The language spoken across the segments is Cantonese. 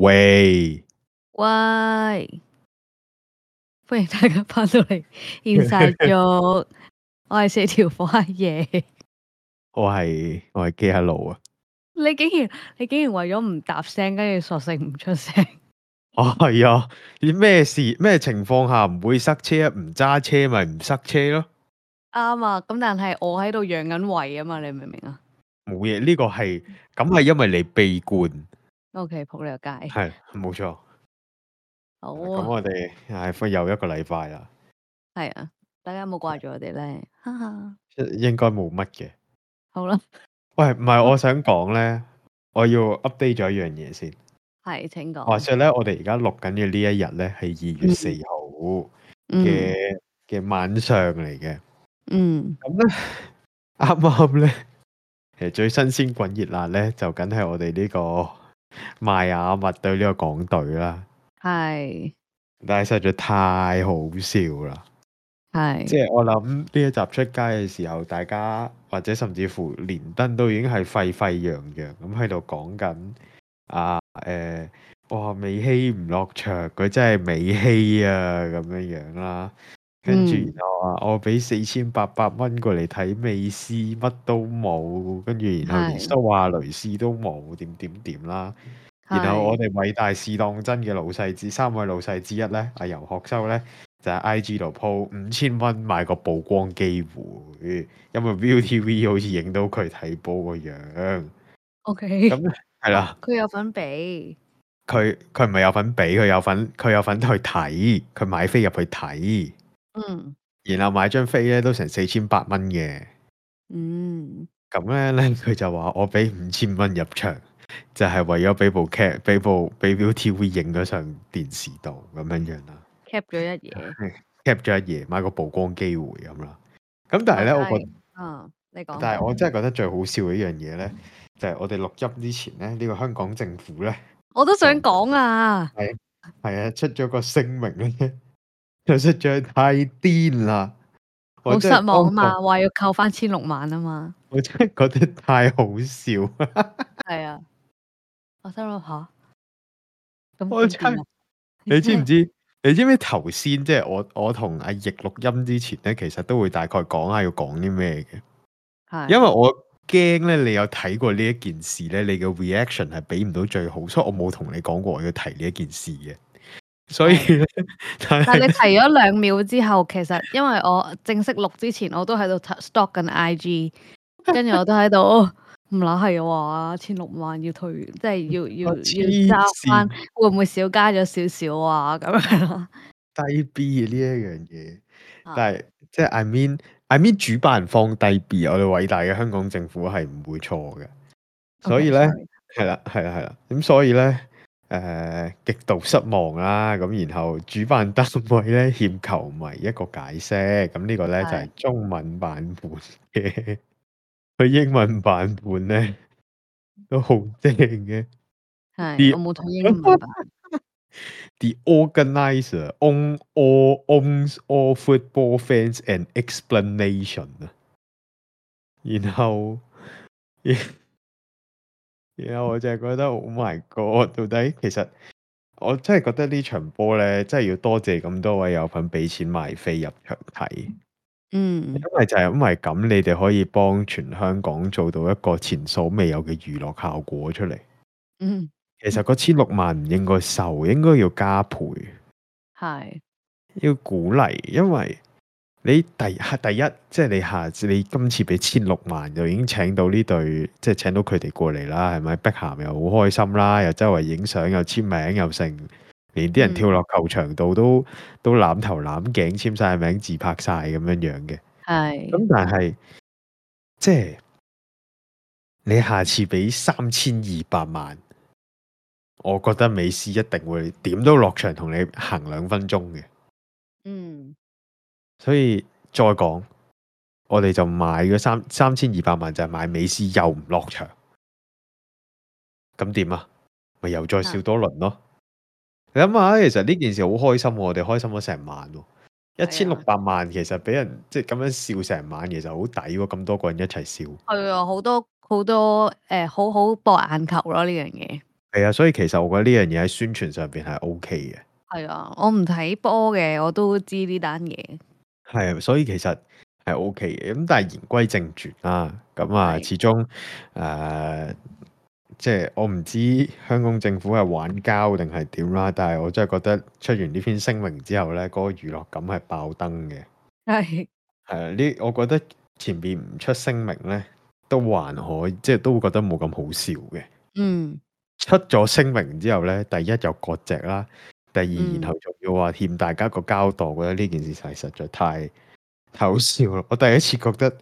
喂，喂，歡迎大家翻到嚟，因晒咗，我係四條火嘅嘢，我係我係記喺路啊！你竟然你竟然為咗唔搭聲，跟住索性唔出聲。哦係啊！你咩事咩情況下唔會塞車？唔揸車咪唔塞車咯？啱啊！咁但係我喺度養緊胃啊嘛，你明唔明啊？冇嘢，呢、這個係咁係因為你悲觀。O.K. 仆你個街係冇錯，好咁、啊啊、我哋係復又一個禮拜啦。係啊，大家有冇掛住我哋咧哈哈？應該冇乜嘅。好啦、啊，喂，唔係我想講咧、嗯，我要 update 咗一樣嘢先。係，請講。話說咧，我哋而家錄緊嘅呢一日咧，係二月四號嘅嘅晚上嚟嘅。嗯。咁咧，啱啱咧，其、嗯、實最新鮮滾熱辣咧，就梗係我哋呢、這個。賣啞、啊、物對呢個港隊啦，係，但係實在太好笑啦，係，即係我諗呢一集出街嘅時候，大家或者甚至乎連登都已經係沸沸揚揚咁喺度講緊啊，誒、呃，哇，梅西唔落場，佢真係梅西啊，咁樣樣啦。跟、嗯、住，然後話我俾四千八百蚊過嚟睇美斯，乜都冇。跟住，然後連蘇亞雷斯都冇，點點點啦。然後我哋偉大試當真嘅老細之三,三位老細之一咧，阿游學修咧就係 I G 度 po 五千蚊買個曝光機會，因為 Viu T V 好似影到佢睇波個樣。O K，咁係啦，佢有份俾佢，佢唔係有份俾，佢有份，佢有，有份去睇，佢買飛入去睇。嗯，然後買張飛咧都成四千八蚊嘅，嗯，咁咧咧佢就話我俾五千蚊入場，就係、是、為咗俾部 cap，俾部俾 VTR 影咗上電視度咁樣樣啦，cap 咗一夜，cap 咗、嗯、一夜買個曝光機會咁啦，咁但係咧我覺得，嗯、啊，你講，但係我真係覺得最好笑嘅一樣嘢咧，就係、是、我哋錄音之前咧呢、呢個香港政府咧，我都想講啊，係係啊出咗個聲明咧。 就實在是太癲啦！好失望啊嘛，話要扣翻千六萬啊嘛，我真係覺得太好笑。係 啊，我真係下，咁、啊。我你知唔知？你知唔知頭先即係我我同阿易錄音之前咧，其實都會大概講下要講啲咩嘅。係，因為我驚咧，你有睇過呢一件事咧，你嘅 reaction 係俾唔到最好，所以我冇同你講過我要提呢一件事嘅。所以，但係你提咗兩秒之後， 其實因為我正式錄之前，我都喺度 check stock 緊 IG，跟 住我都喺度，唔乸係話千六萬要退，即係要要、啊、要加翻，會唔會少加咗少少啊？咁樣低 B 呢一樣嘢、啊，但係即係 I mean I mean 主辦放低 B，我哋偉大嘅香港政府係唔會錯嘅，okay, 所以咧係啦係啦係啦，咁所以咧。誒極度失望啦，咁然後主辦單位咧欠球迷一個解釋，咁呢個咧就係中文版本嘅。佢英文版本咧都好正嘅，係我冇睇英文版。The organizer owes all football fans an explanation，然後，然。然、yeah, 後我就係覺得，Oh my God，到底其實我真係覺得呢場波呢，真係要多謝咁多位有份俾錢買飛入場睇，嗯，因為就係因為咁，你哋可以幫全香港做到一個前所未有嘅娛樂效果出嚟，嗯，其實個千六萬唔應該受，應該要加倍，係，要鼓勵，因為。你第第一，即係你下次，你今次俾千六萬，就已經請到呢隊，即係請到佢哋過嚟啦，係咪？碧咸又好開心啦，又周圍影相，又簽名，又成，連啲人跳落球場度都、嗯、都攬頭攬頸，簽晒名，自拍晒咁樣樣嘅。係。咁但係即係你下次俾三千二百萬，我覺得美斯一定會點都落場同你行兩分鐘嘅。嗯。所以再講，我哋就買咗三三千二百萬就，就係買美斯又唔落場，咁點啊？咪又再笑多輪咯？你諗下其實呢件事好開心喎，我哋開心咗成晚喎，一千六百萬其實俾人即係咁樣笑成晚，其實好抵喎。咁多個人一齊笑，係啊，好多好多誒，好好博眼球咯呢樣嘢，係啊。所以其實我覺得呢樣嘢喺宣傳上邊係 OK 嘅。係啊，我唔睇波嘅，我都知呢單嘢。係，所以其實係 OK 嘅，咁但係言歸正傳啦、啊，咁、嗯、啊，始終誒、呃，即係我唔知香港政府係玩膠定係點啦，但係我真係覺得出完呢篇聲明之後咧，嗰、那個娛樂感係爆燈嘅。係係啊，呢，我覺得前邊唔出聲明咧，都還可即係都會覺得冇咁好笑嘅。嗯，出咗聲明之後咧，第一就割蓆啦。第二，然後仲要話欠大家個交代，我、嗯、覺得呢件事就實在太，太好笑咯！我第一次覺得，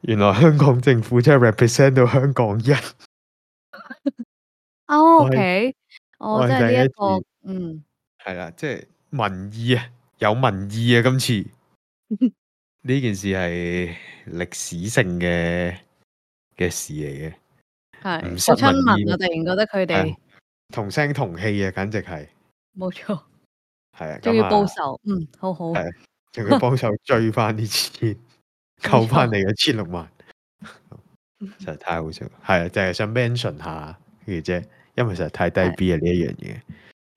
原來香港政府真係 represent 到香港人。哦，OK，我係、哦哦這個、第一個，嗯，係啦，即、就、係、是、民意啊，有民意啊，今次呢 件事係歷史性嘅嘅事嚟嘅，係好親民呀。我突然覺得佢哋同聲同氣啊，簡直係。冇錯，係啊，仲要報仇，嗯，嗯，好好，係、啊，仲要幫手追翻啲錢，扣 翻你嘅千六萬， 實在太好笑，係啊，就係想 mention 下呢啲啫，因為實在太低 B 啊呢一樣嘢，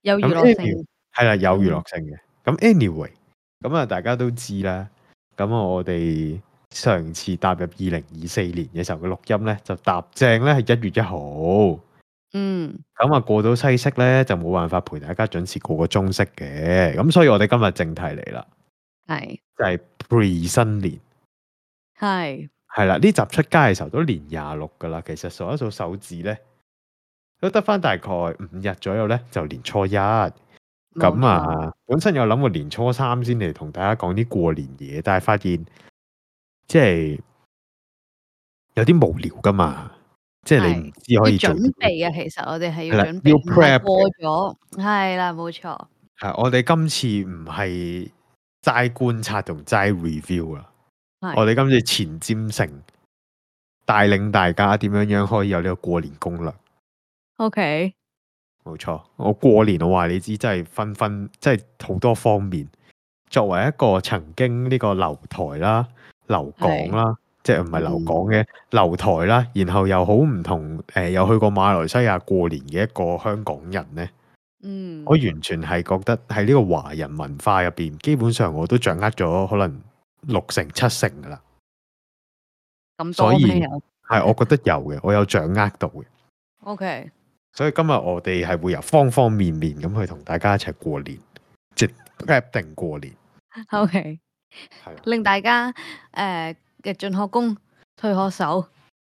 有娛樂性，係啦、anyway, 啊，有娛樂性嘅，咁、嗯、anyway，咁啊，大家都知啦，咁我哋上次踏入二零二四年嘅時候嘅錄音咧，就踏正咧係一月一號。嗯，咁啊，過到西式呢，就冇辦法陪大家準時過個中式嘅，咁所以我哋今日正題嚟啦，係就係 pre 新年，係係啦，呢集出街嘅時候都年廿六噶啦，其實數一數手指呢，都得翻大概五日左右呢，就年初一，咁啊，本身有諗過年初三先嚟同大家講啲過年嘢，但係發現即係有啲無聊噶嘛。嗯即係你唔知可以做準備啊，其實我哋係要準備。要準備過咗係啦，冇錯。係我哋今次唔係齋觀察同齋 review 啊，我哋今次前瞻性帶領大家點樣樣可以有呢個過年攻略。OK，冇錯。我過年我話你知，真係分分，真係好多方面。作為一個曾經呢個留台啦、留港啦。即係唔係留港嘅，留、嗯、台啦，然後又好唔同，誒、呃，又去過馬來西亞過年嘅一個香港人呢，嗯，我完全係覺得喺呢個華人文化入邊，基本上我都掌握咗可能六成七成噶啦，咁所以係我覺得有嘅，我有掌握到嘅，OK，所以今日我哋係會由方方面面咁去同大家一齊過年，即 一定過年，OK，令大家誒。呃嘅進學工退學手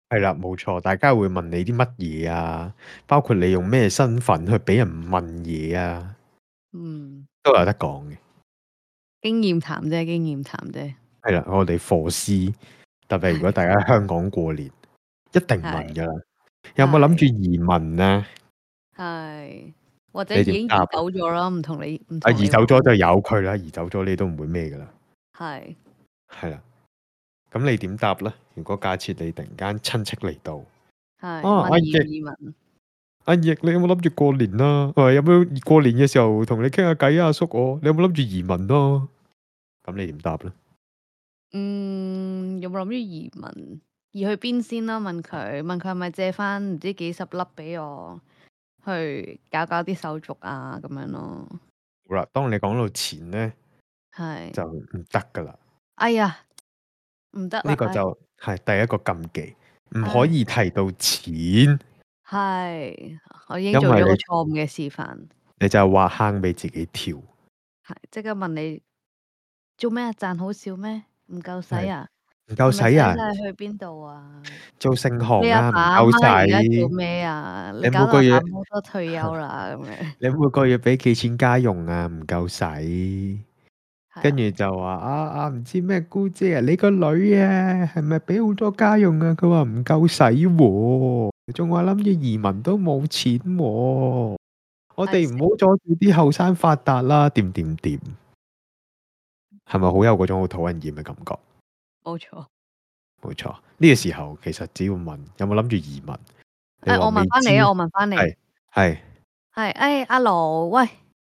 係啦，冇錯。大家會問你啲乜嘢啊？包括你用咩身份去俾人問嘢啊？嗯，都有得講嘅。經驗談啫，經驗談啫。係啦，我哋伙食特別，如果大家喺香港過年，一定問噶啦。有冇諗住移民啊？係，或者已經移走咗啦？唔同你唔啊移走咗都有佢啦，移走咗你都唔會咩噶啦。係，係啦。咁你點答咧？如果假設你突然間親戚嚟到，係啊,啊，阿易移民，阿易，你有冇諗住過年啦？喂，有冇過年嘅時候同你傾下偈啊？叔,叔，我你有冇諗住移民咯、啊？咁你點答咧？嗯，有冇諗住移民？移去邊先啦、啊？問佢，問佢係咪借翻唔知幾十粒俾我去搞搞啲手續啊？咁樣咯、啊。好啦，當你講到錢咧，係就唔得噶啦。哎呀！唔得，呢個就係第一個禁忌，唔可以提到錢。係，我已經做咗個錯誤嘅示範。你就話坑俾自己跳。係，即刻問你做咩啊？賺好少咩？唔夠使啊？唔夠使啊？去邊度啊？做聖行啊？唔夠使。做咩啊？你每個月好多退休啦，咁樣。你每個月俾幾錢家用啊？唔夠使。跟住就話啊啊唔知咩姑姐啊，你個女啊係咪俾好多家用啊？佢話唔夠使、啊，仲話諗住移民都冇錢、啊嗯。我哋唔好阻住啲後生發達啦。點點點，係咪好有嗰種好討人厭嘅感覺？冇錯，冇錯。呢、呢個時候其實只要問有冇諗住移民。誒、哎，我問翻你啊，我問翻你，係係係，阿、哎啊、羅喂。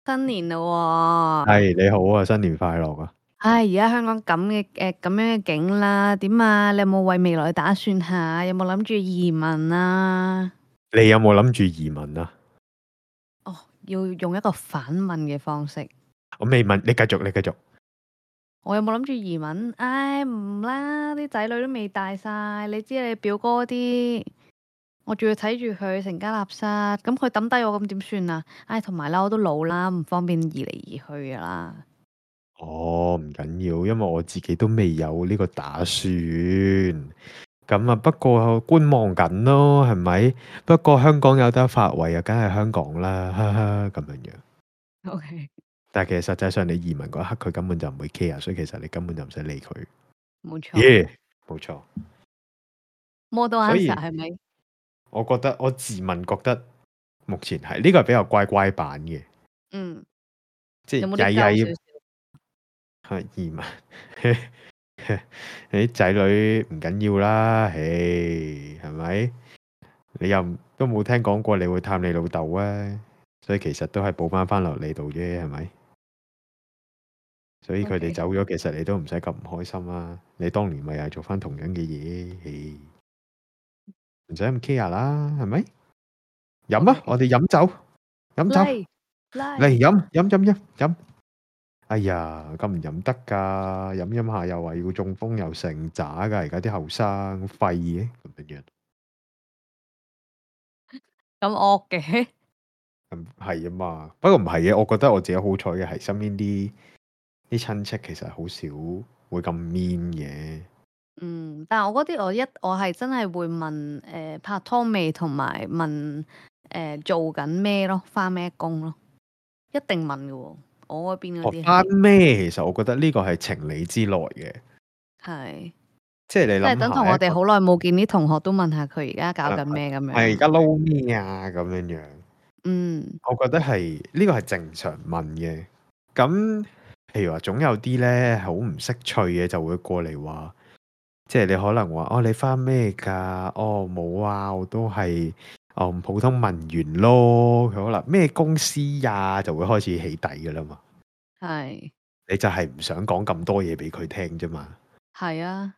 新年咯喎，哦！係你好啊，新年快樂啊！唉，而家香港咁嘅誒咁樣嘅景啦，點、呃、啊？你有冇為未來打算下？有冇諗住移民啊？你有冇諗住移民啊？哦，要用一個反問嘅方式。我未問你，繼續，你繼續。我有冇諗住移民？唉、哎，唔啦，啲仔女都未大晒。你知你表哥啲？.我仲要睇住佢成家立室，咁佢抌低我，咁點算啊？唉、哎，同埋啦，我都老啦，唔方便移嚟移去噶啦。哦，唔緊要，因為我自己都未有呢個打算。咁啊，不過觀望緊咯，係咪？不過香港有得發圍，又梗係香港啦，哈哈，咁樣樣。Okay. 但係其實實際上你移民嗰一刻，佢根本就唔會 care，所以其實你根本就唔使理佢。冇錯，yeah, 冇錯。所以係咪？我覺得我自問覺得目前係呢，這個係比較乖乖版嘅，嗯，即係廿廿二，吓移民，你啲仔女唔緊要啦，唉，係咪？你又都冇聽講過你會探你老豆啊？所以其實都係補翻翻落嚟度啫，係咪？所以佢哋走咗，okay. 其實你都唔使咁唔開心啊！你當年咪係做翻同樣嘅嘢，唉。唔使咁 care 啦，係咪？飲啊，我哋飲酒，飲酒嚟，飲飲飲飲飲。哎呀，咁唔飲得噶，飲飲下又話要中風，又成渣噶。而家啲後生廢嘅咁樣，咁惡嘅。咁係啊嘛，不過唔係嘅，我覺得我自己好彩嘅係身邊啲啲親戚其實好少會咁 mean 嘅。嗯，但係我嗰啲，我一我係真係會問，誒、呃、拍拖未？同埋問，誒、呃、做緊咩咯？翻咩工咯？一定問嘅喎，我嗰邊嗰啲。拍咩？其實我覺得呢個係情理之內嘅。係。即係你諗下即係、就是、等同我哋好耐冇見啲同學都問下佢而家搞緊咩咁樣。係而家撈面啊？咁樣樣。嗯。我覺得係呢、這個係正常問嘅。咁譬如話，總有啲咧好唔識趣嘅就會過嚟話。即係你可能話哦，你翻咩噶？哦，冇啊，我都係哦、嗯、普通文員咯。佢可能咩公司呀、啊，就會開始起底噶啦嘛。係，你就係唔想講咁多嘢俾佢聽啫嘛。係啊，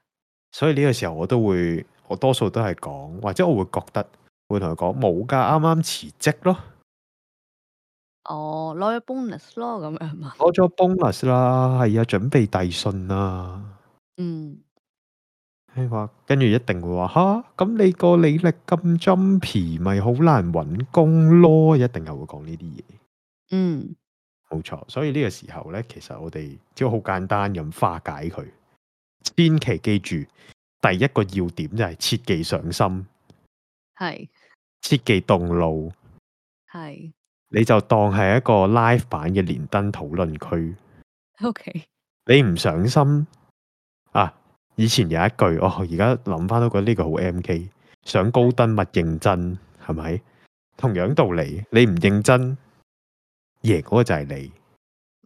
所以呢個時候我都會，我多數都係講，或者我會覺得會同佢講冇噶，啱啱辭職咯。哦，攞咗 bonus 咯，咁樣係嘛？攞咗 bonus 啦，係啊，準備遞信啦。嗯。跟住一定會話，吓，咁你個履歷咁 jumpy，咪好難揾工咯，一定又會講呢啲嘢。嗯，冇錯，所以呢個時候呢，其實我哋只要好簡單咁化解佢，千祈記住第一個要點就係切忌上心，係切忌動怒，係你就當係一個 live 版嘅連登討論區。OK，你唔上心。以前有一句哦，而家諗翻都覺得呢個好 MK，上高登咪認真，係咪？同樣道理，你唔認真，贏嗰個就係你。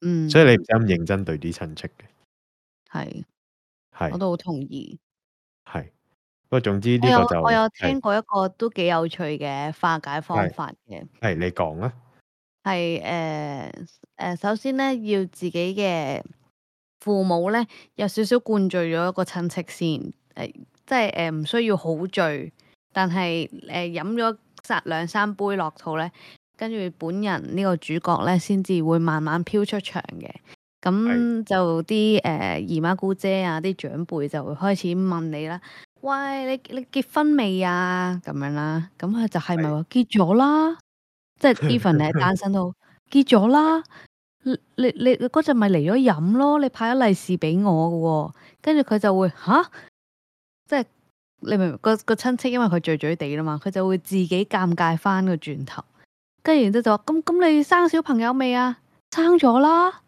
嗯。所以你唔使咁認真對啲親戚嘅。係。係。我都好同意。係。不過總之呢個就。我有我有聽過一個都幾有趣嘅化解方法嘅。係你講啊。係誒誒，首先咧要自己嘅。父母呢，有少少灌醉咗一個親戚先，誒、呃，即係誒，唔、呃、需要好醉，但係誒飲咗一、兩、呃、三杯落肚呢，跟住本人呢個主角呢，先至會慢慢飄出場嘅。咁就啲誒姨媽姑姐啊，啲長輩就會開始問你啦：「喂，你你結婚未啊？咁樣啦，咁佢就係咪話結咗啦？ 即係 even 你係單身都結咗啦。你你你嗰陣咪嚟咗飲咯，你派咗利是俾我嘅喎，跟住佢就會吓？即係你明唔明？個個親戚因為佢醉醉地啦嘛，佢就會自己尷尬翻個轉頭，跟住然之後就話：咁咁你生小朋友未啊？生咗啦，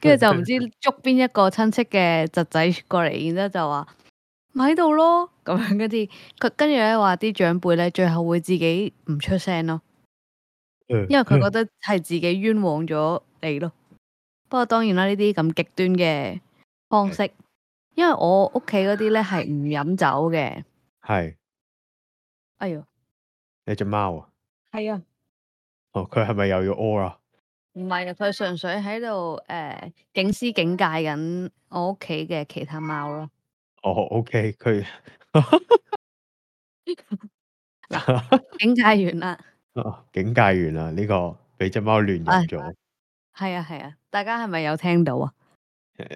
跟 住 就唔知捉邊一個親戚嘅侄仔過嚟，然之後就話咪喺度咯，咁樣嗰啲，佢跟住咧話啲長輩咧最後會自己唔出聲咯。因為佢覺得係自己冤枉咗你咯， 不過當然啦，呢啲咁極端嘅方式，因為我屋企嗰啲咧係唔飲酒嘅。係，哎喲，你隻貓啊？係啊，哦，佢係咪又要屙啊？唔係啊，佢純粹喺度誒警司警戒緊我屋企嘅其他貓咯。哦，OK，佢 警戒完啦。警戒員啊，呢個俾隻貓亂用咗。係啊係啊，大家係咪有聽到啊？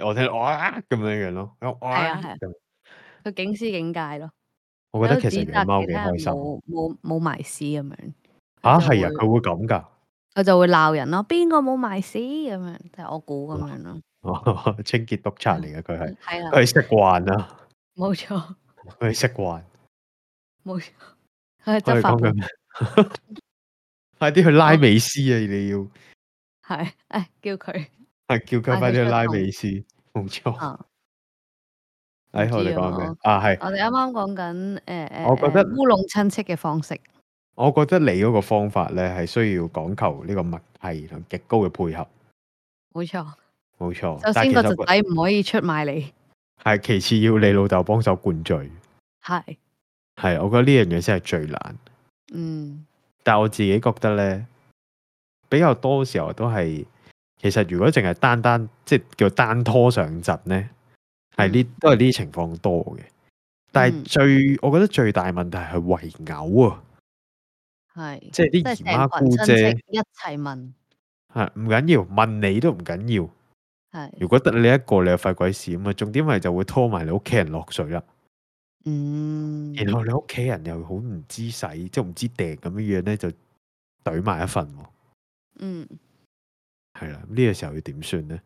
我聽到咁樣樣咯，哇係啊係啊，佢警司警戒咯。我覺得其實貓幾開心，冇冇冇埋屎咁樣。啊係啊，佢會咁噶。佢就會鬧人咯，邊個冇埋屎咁樣？就係我估咁樣咯。清潔督察嚟嘅佢係，佢習慣啦。冇錯。佢習慣。冇錯。佢執法。快啲去拉美斯啊！啊你要係誒，叫佢係叫佢快啲去拉美斯，冇錯。誒、啊哎，我哋講咩啊？係我哋啱啱講緊誒誒，我覺得，我哋啱啱講、呃、我覺得烏龍親戚嘅方式，我覺得你嗰個方法咧係需要講求呢個默契同極高嘅配合，冇錯，冇錯。首先個侄仔唔可以出賣你，係其次要你老豆幫手灌醉，係係，我覺得呢樣嘢先係最難，嗯。但我自己覺得咧，比較多時候都係其實如果淨係單單即係叫單拖上陣咧，係、嗯、呢都係呢啲情況多嘅。但係最、嗯、我覺得最大問題係圍毆啊，係即係啲姨媽姑姐一齊問，係唔緊要問你都唔緊要，係如果得你一個你又費鬼事啊，重點係就會拖埋你屋企人落水啦。嗯，然後你屋企人又好唔知使，即係唔知訂咁樣樣咧，就懟埋一份。嗯，係啦，呢、這個時候要點算咧？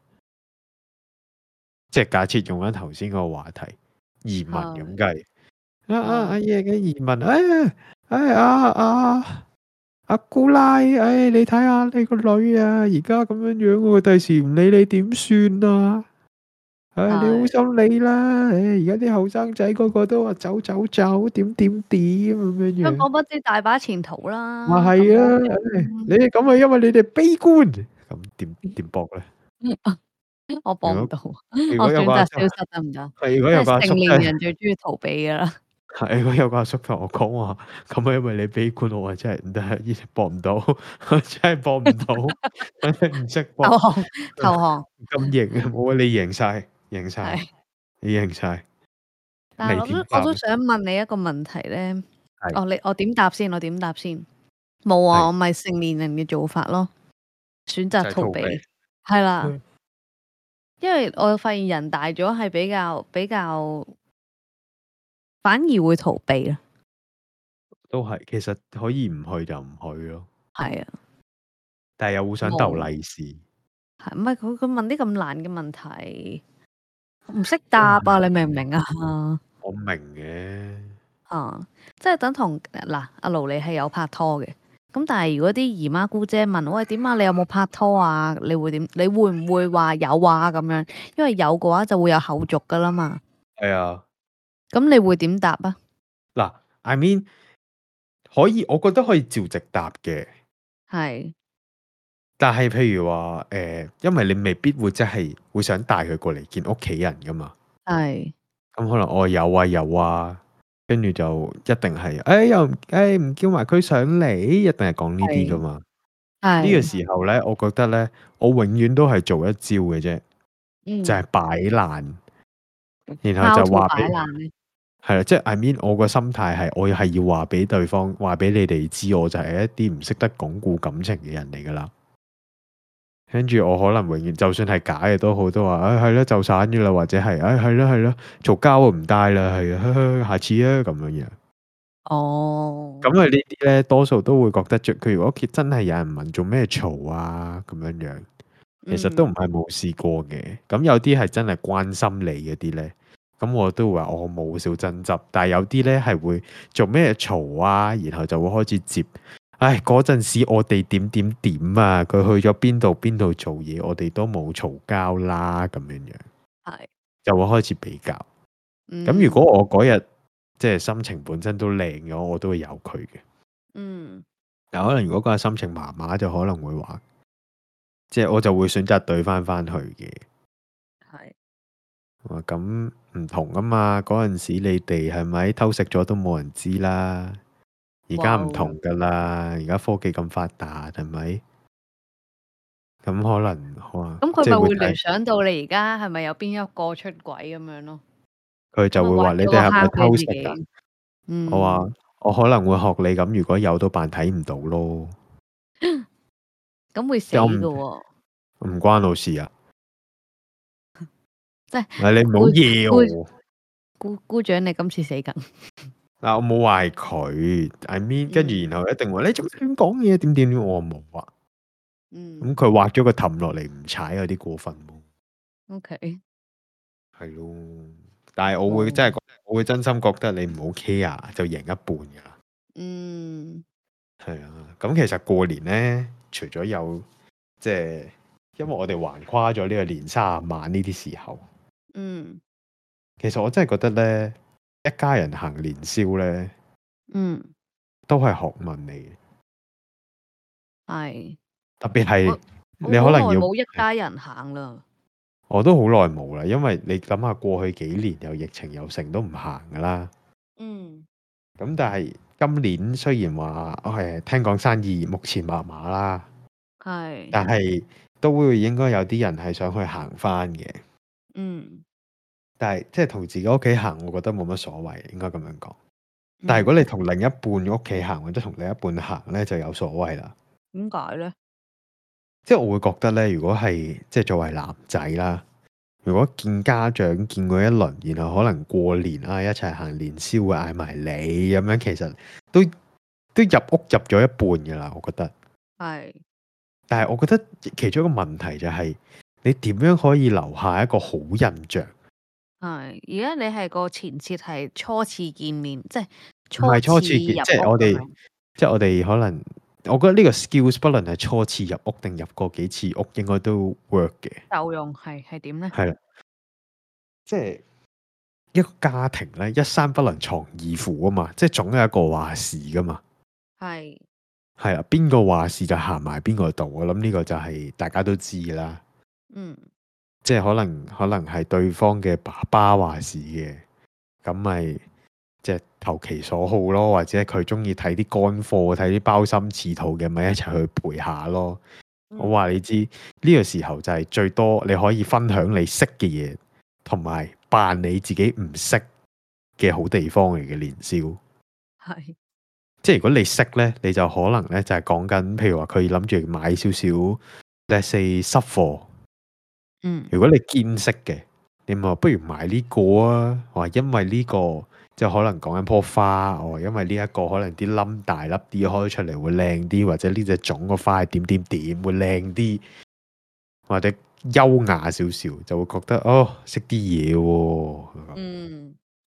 即係假設用緊頭先個話題移民咁計，啊、嗯、啊阿爺嘅移民，哎哎阿阿阿姑拉，哎你睇下你個女啊，而家咁樣樣，我第時唔理你點算啊？唉，你好心你啦！唉、哎，而家啲後生仔個個都話走走走，點點點咁樣樣。香港不知大把前途啦。話、就、係、是、啊，你咁係因為你哋悲觀，咁點點搏咧？ 我搏唔到。我選消失就唔得。係，如果有個成年人最中意逃避噶啦。係，如果有，個，如果有個阿叔同、哎、我講話咁啊，因為你悲觀，我真係唔得，搏唔到， 真係搏唔到，唔 識搏。投降，啊、投降。咁型啊！冇啊，你贏晒。認晒，你認晒，但係我都我都想問你一個問題咧。哦，oh, 你我點答先？我點答先？冇啊，我咪成年人嘅做法咯，選擇逃避係啦。 因為我發現人大咗係比較比較反而會逃避咯。都係，其實可以唔去就唔去咯。係啊，但係又會想逗利是，是。係唔係佢佢問啲咁難嘅問題？唔識答啊，嗯、你明唔明啊？我明嘅、嗯，啊，即係等同嗱，阿盧你係有拍拖嘅，咁但係如果啲姨媽姑姐問我喂，點啊，你有冇拍拖啊？你會點？你會唔會話有啊？咁樣，因為有嘅話就會有後續噶啦嘛。係啊，咁、嗯、你會點答啊？嗱、啊、I mean 可以，我覺得可以照直答嘅。係。但係，譬如話誒，因為你未必會即係會想帶佢過嚟見屋企人噶嘛。係咁、嗯、可能我有啊有啊，跟住、啊、就一定係誒、哎、又誒唔叫埋佢上嚟，一定係講呢啲噶嘛。係呢，這個時候咧，我覺得咧，我永遠都係做一招嘅啫、嗯，就係擺爛，然後就話俾，係啦，即係、就是、I mean 我個心態係，我係要話俾對方話俾你哋知，我就係一啲唔識得鞏固感情嘅人嚟噶啦。跟住我可能永遠就算係假嘅都好，都話誒係啦就散咗啦，或者係誒係啦係啦嘈交唔帶啦，係、哎、下次啊咁樣樣。哦，咁佢呢啲咧多數都會覺得着。佢如、如果屋企真係有人問做咩嘈啊咁樣樣，其實都唔係冇試過嘅。咁、嗯、有啲係真係關心你嗰啲咧，咁我都話我冇少爭執，但係有啲咧係會做咩嘈啊，然後就會開始接。唉，嗰陣時我哋點點點啊，佢去咗邊度邊度做嘢，我哋都冇嘈交啦，咁樣樣。係就會開始比較。咁、嗯、如果我嗰日即係心情本身都靚咗，我都會有佢嘅。嗯，但可能如果嗰日心情麻麻，就可能會話，即係我就會選擇對翻翻去嘅。係。咁唔同啊嘛，嗰陣時你哋係咪偷食咗都冇人知啦？而家唔同噶啦，而家科技咁發達，係咪？咁可能，哇！咁佢咪會聯想到你而家係咪有邊一個出軌咁樣咯？佢就會話你哋係咪偷食噶、嗯？我話我可能會學你咁，如果有都扮睇唔到咯。咁 會死噶？唔關我事啊！即 係，哎你唔好要、啊，姑姑、姑丈你今次死梗。 嗱，我冇話佢，I mean，跟住然後一定你話你做咩亂講嘢啊？點點點，我冇啊。嗯，咁佢畫咗個氹落嚟唔踩，有啲過分喎。OK，係咯，但係我會真係、哦，我會真心覺得你唔好 care 就贏一半噶。嗯，係啊。咁其實過年咧，除咗有即係，因為我哋橫跨咗呢個年卅晚呢啲時候，嗯，其實我真係覺得咧。一家人行年宵呢，嗯，都係學問嚟嘅，係特別係你可能要好耐冇一家人行啦，我、哦、都好耐冇啦，因為你諗下過去幾年又疫情又成都唔行噶啦，嗯，咁但係今年雖然話係、哎、聽講生意目前麻麻啦，係，但係都會應該有啲人係想去行翻嘅，嗯。但係即係同自己屋企行，我覺得冇乜所謂，應該咁樣講。但係如果你同另一半屋企行，或者同另一半行呢就有所謂啦。點解呢？即係我會覺得呢如果係即係作為男仔啦，如果見家長見過一輪，然後可能過年啊一齊行年宵，會嗌埋你咁樣，其實都都入屋入咗一半噶啦。我覺得係。但係我覺得其中一個問題就係、是，你點樣可以留下一個好印象？係，而家你係個前設係初次見面，即係初次入即係我哋，即係我哋可能，我覺得呢個 skills 不論係初次入屋定入過幾次屋，應該都 work 嘅，有用係。係點咧係啦，即係一個家庭咧，一山不能藏二虎啊嘛，即係總有一個話事噶嘛，係係啊，邊個話事就行埋邊個度，我諗呢個就係大家都知啦，嗯。即係可能可能係對方嘅爸爸話事嘅，咁咪即係投其所好咯，或者佢中意睇啲乾貨睇啲鮑參翅肚嘅，咪一齊去陪下咯。嗯、我話你知呢、呢個時候就係最多你可以分享你識嘅嘢，同埋扮你自己唔識嘅好地方嚟嘅年宵。係，即係如果你識呢，你就可能呢，就係講緊，譬如話佢諗住買少少，let’s say 濕貨。嗯，如果你見識嘅，你唔話，不如買呢個啊？我、哦、因為呢、這個，即係可能講緊棵花，我、哦、因為呢、這、一個可能啲冧大粒啲，開出嚟會靚啲，或者呢隻種嘅花係點點點會靚啲，或者優雅少少，就會覺得哦識啲嘢。嗯，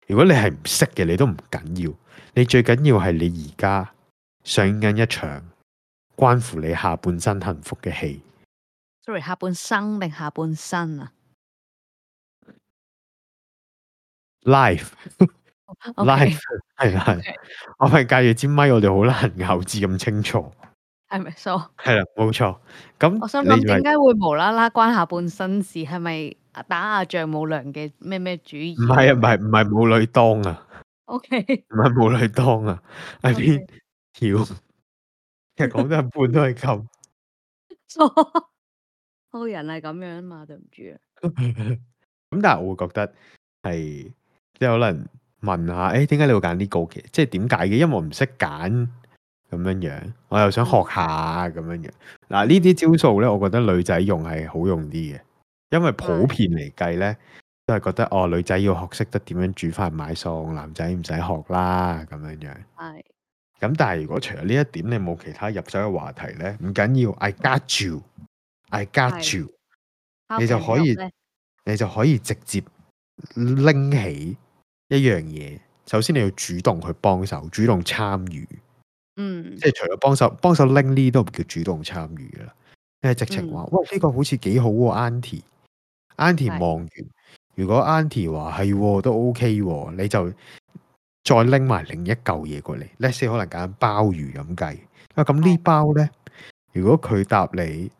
如果你係唔識嘅，你都唔緊要，你最緊要係你而家上緊一場關乎你下半身幸福嘅戲。sorry 下半生定下半身啊？Life，life 係係，我係介住支咪，我哋好難咬字咁清楚，係咪？So，係啦，冇錯。咁，我想問點解會無啦啦關下半身事？係咪打阿丈母娘嘅咩咩主意？唔係啊，唔係唔係冇女當啊。OK，唔係冇女當啊。係邊條其實講真，一半都係咁 So。個人係咁樣嘛，對唔住。咁 但係我會覺得係即係可能問下，誒、哎，點解你會揀呢個嘅？即係點解嘅？因為我唔識揀咁樣樣，我又想學下咁樣樣。嗱，呢啲招數咧，我覺得女仔用係好用啲嘅，因為普遍嚟計咧都係覺得哦，女仔要學識得點樣煮飯買餸，男仔唔使學啦咁樣樣。係。咁但係如果除咗呢一點，你冇其他入手嘅話題咧，唔緊要。I got you。I got you，你就可以，你就可以直接拎起一樣嘢。首先你要主動去幫手，主動參與，嗯，即係除咗幫手，幫手拎呢都唔叫主動參與㗎喇。你係直情話，喂、嗯、呢、這個好似幾好喎，Aunty。嗯、Aunty 望完，如果 Aunty 話係都 OK，你就再拎埋另一嚿嘢過嚟。Let's say 可能揀鮑魚咁計，啊咁呢包呢，如果佢答你。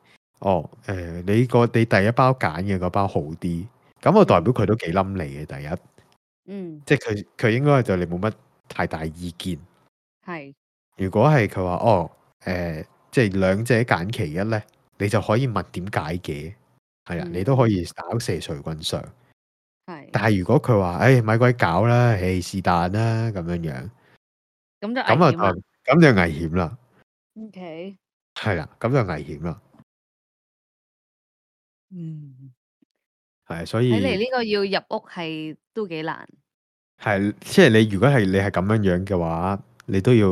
哦，誒、呃，你個你第一包揀嘅嗰包好啲，咁我代表佢都幾冧你嘅第一，嗯，即係佢佢應該係對你冇乜太大意見，係。如果係佢話哦，誒、呃，即係兩者揀其一咧，你就可以問點解嘅，係、嗯、啊，你都可以搞蛇隨棍上，係。但係如果佢話，誒、哎，咪鬼搞啦，誒，是但啦，咁樣樣，咁就咁啊，咁就危險啦。O K，係啦，咁就危險啦。嗯，係，所以睇嚟呢個要入屋係都幾難，係，即係你如果係你係咁樣樣嘅話，你都要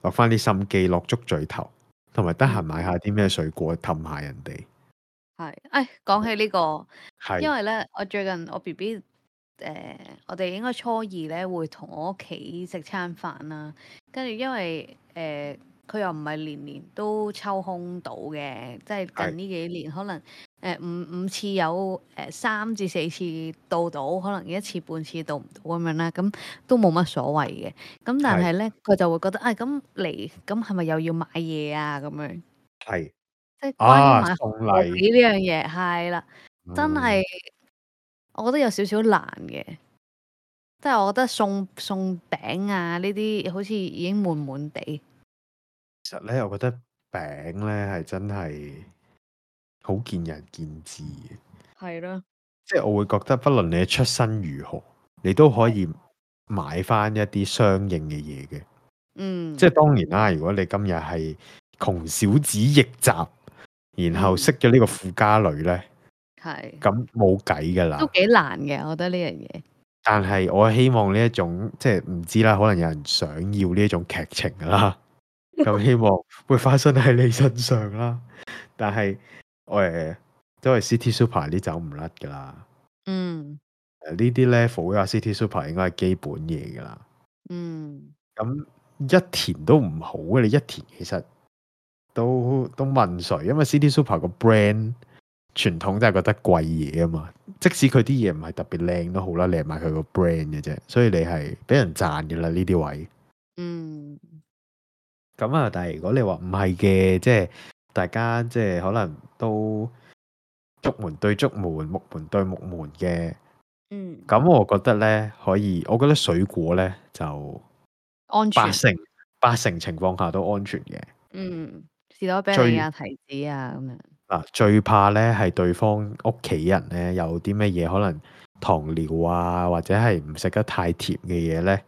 落翻啲心機，落足嘴頭，同埋得閒買下啲咩水果氹下人哋。係，誒、哎，講起呢、這個，係，因為咧，我最近我 B B，誒，我哋、呃、應該初二咧會同我屋企食餐飯啦、啊，跟住因為誒，佢、呃、又唔係年年都抽空到嘅，即、就、係、是、近呢幾年可能。誒、呃、五五次有誒、呃、三至四次到到，可能一次半次到唔到咁樣啦，咁都冇乜所謂嘅。咁但係咧，佢就會覺得啊，咁嚟咁係咪又要買嘢啊？咁樣係即係啊送禮呢樣嘢係啦，真係我覺得有少少難嘅，即、嗯、係我覺得送送餅啊呢啲好似已經悶悶地。其實咧，我覺得餅咧係真係。好見仁見智嘅，係咯，即係我會覺得不論你出身如何，你都可以買翻一啲相應嘅嘢嘅，嗯，即係當然啦，如果你今日係窮小子逆襲，然後識咗呢個富家女呢，係、嗯，咁冇計噶啦，都幾難嘅，我覺得呢樣嘢。但係我希望呢一種即係唔知啦，可能有人想要呢一種劇情噶啦， 就希望會發生喺你身上啦，但係。誒，因為 CitySuper 啲走唔甩噶啦，嗯，誒呢啲 level 啊，CitySuper 應該係基本嘢噶啦，嗯，咁一田都唔好嘅，你一田其實都都問誰？因為 CitySuper 個 brand 傳統真係覺得貴嘢啊嘛，即使佢啲嘢唔係特別靚都好啦，你係買佢個 brand 嘅啫，所以你係俾人賺噶啦呢啲位，嗯，咁啊，但係如果你話唔係嘅，即係。大家即係可能都竹門對竹門、木門對木門嘅，嗯，咁我覺得呢，可以，我覺得水果呢就安全，八成八成情況下都安全嘅。嗯，士多啤梨啊、提子啊咁樣。嗱、啊，最怕呢係對方屋企人呢有啲咩嘢可能糖尿啊，或者係唔食得太甜嘅嘢呢。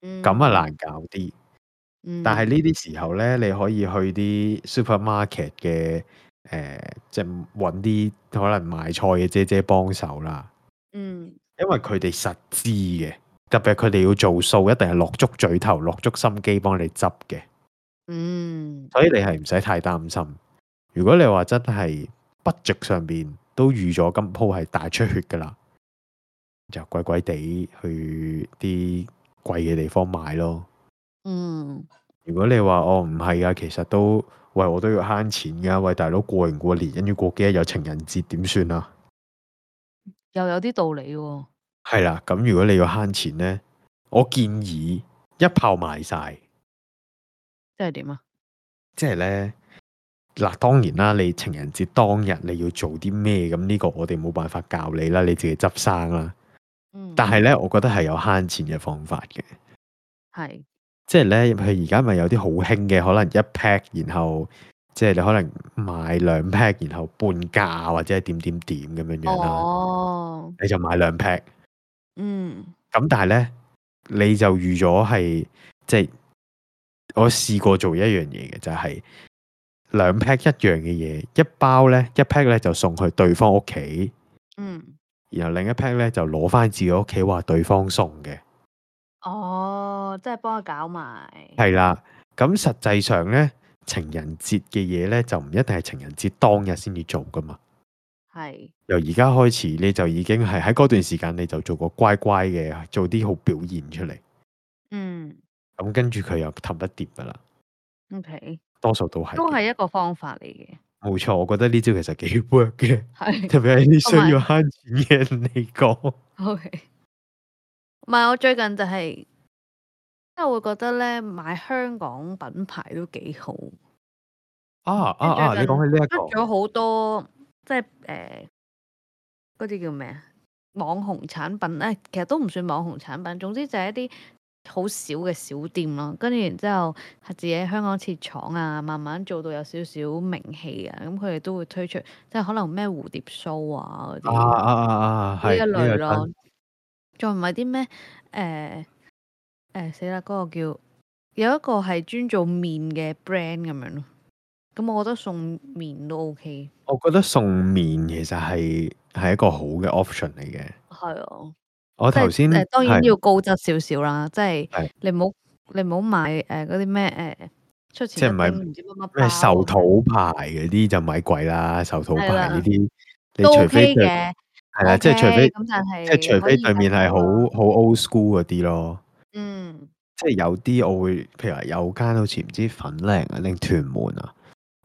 嗯，咁啊難搞啲。但係呢啲時候呢，你可以去啲 supermarket 嘅即係搵啲可能賣菜嘅姐姐幫手啦。嗯，因為佢哋實知嘅，特別係佢哋要做數，一定係落足嘴頭、落足心機幫你執嘅。嗯，所以你係唔使太擔心。如果你話真係 budget 上面都預咗今鋪係大出血噶啦，就怪怪地去啲貴嘅地方買咯。嗯，如果你話我唔係啊，其實都喂我都要慳錢噶喂，大佬過完過年，跟住過幾日有情人節，點算啊？又有啲道理喎、哦。係啦，咁如果你要慳錢呢，我建議一炮賣晒。即係點啊？即係呢。嗱，當然啦，你情人節當日你要做啲咩？咁呢個我哋冇辦法教你啦，你自己執生啦。嗯、但係呢，我覺得係有慳錢嘅方法嘅。係。即係咧，佢而家咪有啲好興嘅，可能一 pack，然後即係你可能買兩 pack，然後半價或者係點點點咁樣樣啦。哦，你就買兩 pack。嗯。咁但係咧，你就預咗係即係我試過做一樣嘢嘅，就係兩 pack 一樣嘅嘢，一包咧一 pack 咧就送去對方屋企。嗯。然後另一 pack 咧就攞翻自己屋企，話對方送嘅。哦。我真係幫佢搞埋。係啦，咁實際上呢，情人節嘅嘢呢，就唔一定係情人節當日先至做噶嘛。係。由而家開始，你就已經係喺嗰段時間，你就做個乖乖嘅，做啲好表現出嚟。嗯。咁跟住佢又氹一碟噶啦。OK。多數都係。都係一個方法嚟嘅。冇錯，我覺得呢招其實幾 work 嘅。係。特別係呢需要慳錢嘅嚟講。 OK。唔係，我最近就係、是。即係我會覺得咧，買香港品牌都幾好啊啊啊！你講起呢一個，仲有好多即係誒，嗰、呃、啲叫咩啊？網紅產品咧，其實都唔算網紅產品。總之就係一啲好小嘅小店咯。跟住然之後，自己喺香港設廠啊，慢慢做到有少少名氣啊。咁佢哋都會推出，即係可能咩蝴蝶酥啊嗰啲啊啊啊啊，呢、啊、一類咯。再唔係啲咩誒？死啦！嗰、嗰個叫有一個係專做麵嘅 brand 咁樣咯，咁我覺得送麵都 OK。我覺得送麵其實係係一個好嘅 option 嚟嘅。係啊，我頭先當然要高質少少啦，就是呃呃、即係你唔好你唔好買誒嗰啲咩誒出前一丁即係唔係咩壽桃牌嗰啲就買貴啦，壽桃牌呢啲你除非嘅係啦，okay, 即係除非但即係除非上面係好好 old school 嗰啲咯。嗯，即係有啲我會，譬如話有間好似唔知粉嶺啊定屯門啊，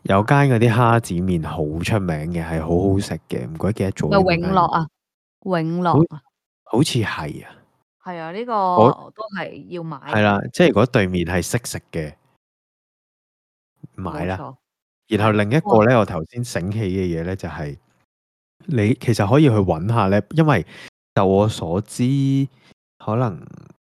有間嗰啲蝦子麵好出名嘅，係好好食嘅，唔記得幾多組永樂啊，永樂、啊，好似係啊，係、這、啊、個，呢個都係要買係啦，即係如果對面係識食嘅買啦，然後另一個咧、哦，我頭先醒起嘅嘢咧，就係、是、你其實可以去揾下咧，因為就我所知可能。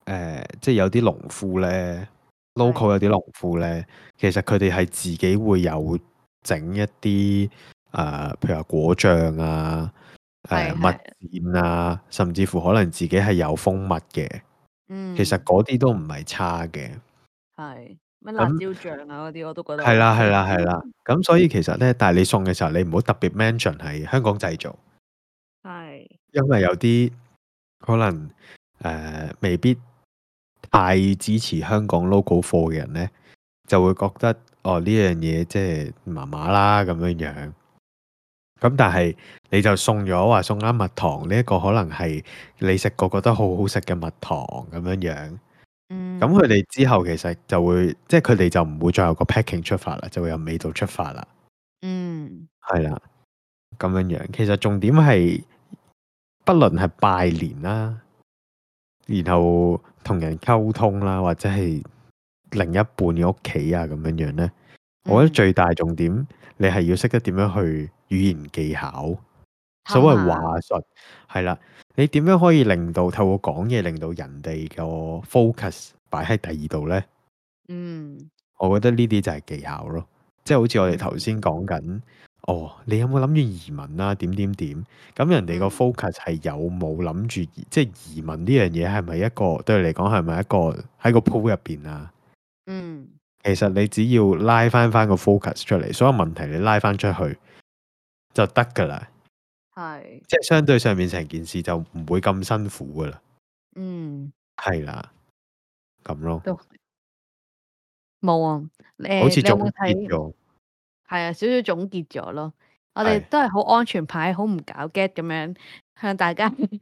誒、呃，即係有啲農夫咧，local 有啲農夫咧，其實佢哋係自己會有整一啲啊、呃，譬如話果醬啊，係蜜餞啊，甚至乎可能自己係有蜂蜜嘅、嗯。其實嗰啲都唔係差嘅。係咩辣椒醬啊？嗰、嗯、啲我都覺得係啦，係啦，係啦。咁、嗯、所以其實咧，但係你送嘅時候，你唔好特別 mention 係香港製造。係。因為有啲可能誒、呃，未必、嗯。係支持香港 logo 貨嘅人呢，就會覺得哦，呢樣嘢即係麻麻啦咁樣樣。咁但係你就送咗，話送啱蜜糖呢，一個可能係你食過覺得好好食嘅蜜糖咁樣樣。嗯。咁佢哋之後其實就會即係佢哋就唔會再有個 packing 出發啦，就會有味道出發啦。嗯。係啦。咁樣樣，其實重點係不論係拜年啦，然後同人溝通啦，或者係另一半嘅屋企啊，咁樣樣呢，我覺得最大重點，你係要識得點樣去語言技巧，所謂話術，係、啊、啦，你點樣可以令到透過講嘢，令到人哋個 focus 擺喺第二度呢？嗯，我覺得呢啲就係技巧咯，即係好似我哋頭先講緊。嗯哦，你有冇諗住移民啊？點點點？咁人哋個 focus 係有冇諗住，即係移民呢樣嘢係咪一個對你嚟講係咪一個喺個 pool 入邊啊？嗯，其實你只要拉翻翻個 focus 出嚟，所有問題你拉翻出去就得噶啦。係，即係相對上面成件事就唔會咁辛苦噶啦。嗯，係啦，咁咯，冇啊，誒，好似仲跌咗。係啊，少少總結咗咯。我哋都係好安全牌，好唔、啊、搞 get 咁樣向大家 去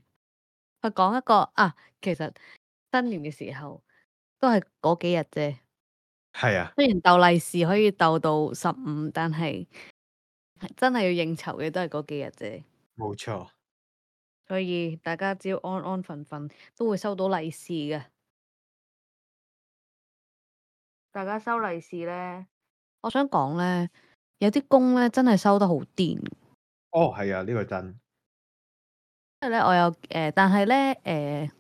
講一個啊。其實新年嘅時候都係嗰幾日啫。係啊，雖然鬥利是可以鬥到十五，但係真係要應酬嘅都係嗰幾日啫。冇錯，所以大家只要安安分分，都會收到利是嘅。大家收利是咧，我想講咧。有啲工咧真係收得好癲。哦，係啊，呢、這個真。係咧，我有誒，但係咧誒，即係、呃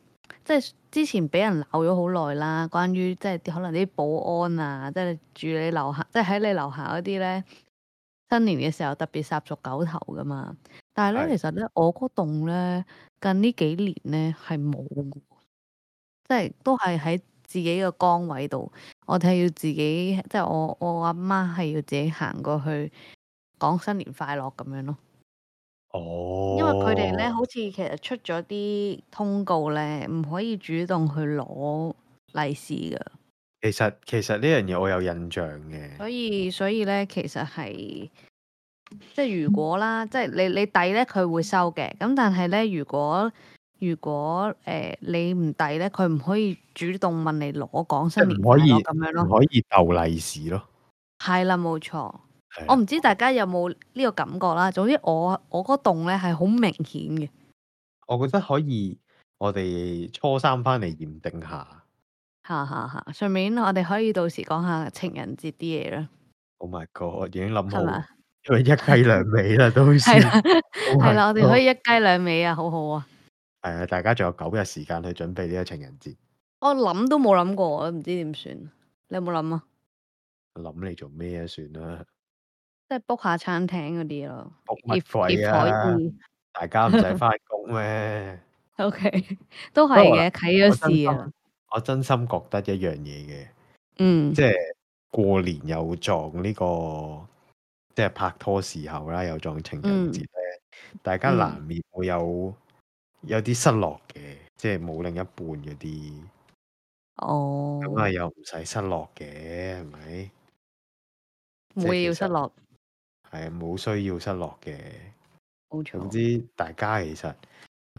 就是、之前俾人鬧咗好耐啦。關於即係可能啲保安啊，即、就、係、是、住你樓下，即係喺你樓下嗰啲咧，新年嘅時候特別劏熟狗頭㗎嘛。但係咧，其實咧，我嗰棟咧近呢幾年咧係冇嘅，即係、就是、都係喺自己嘅崗位度。我哋要自己，即係我我阿媽係要自己行過去講新年快樂咁樣咯。哦、oh.，因為佢哋咧好似其實出咗啲通告咧，唔可以主動去攞利是噶。其實其實呢樣嘢我有印象嘅。所以所以咧，其實係即係如果啦，即係你你抵咧，佢會收嘅。咁但係咧，如果如果誒、呃、你唔抵咧，佢唔可以主動問你攞港新年卡咯，咁樣咯，唔可以逗利是咯。係啦，冇錯。我唔知大家有冇呢個感覺啦。總之我我嗰棟咧係好明顯嘅。我覺得可以，我哋初三翻嚟驗定下。嚇嚇嚇！順便我哋可以到時講下情人節啲嘢啦。Oh my god！我已經諗好啦。因為一雞兩尾啦？到時係啦，係啦、 oh，我哋可以一雞兩尾啊！好好啊。係大家仲有九日時間去準備呢個情人節。我諗都冇諗過，我都唔知點算。你有冇諗啊？諗嚟做咩啊？算啦，即係 book 下餐廳嗰啲咯，book 飛啊！大家唔使翻工咩？OK，都係嘅，啟咗事啊。我真心覺得一樣嘢嘅，嗯，即係過年又撞呢個，即係拍拖時候啦，又撞情人節咧、嗯，大家難免會有。嗯有啲失落嘅，即係冇另一半嗰啲，哦，咁啊又唔使失落嘅，係咪？冇嘢要失落，係啊，冇需要失落嘅，冇錯。總之大家其實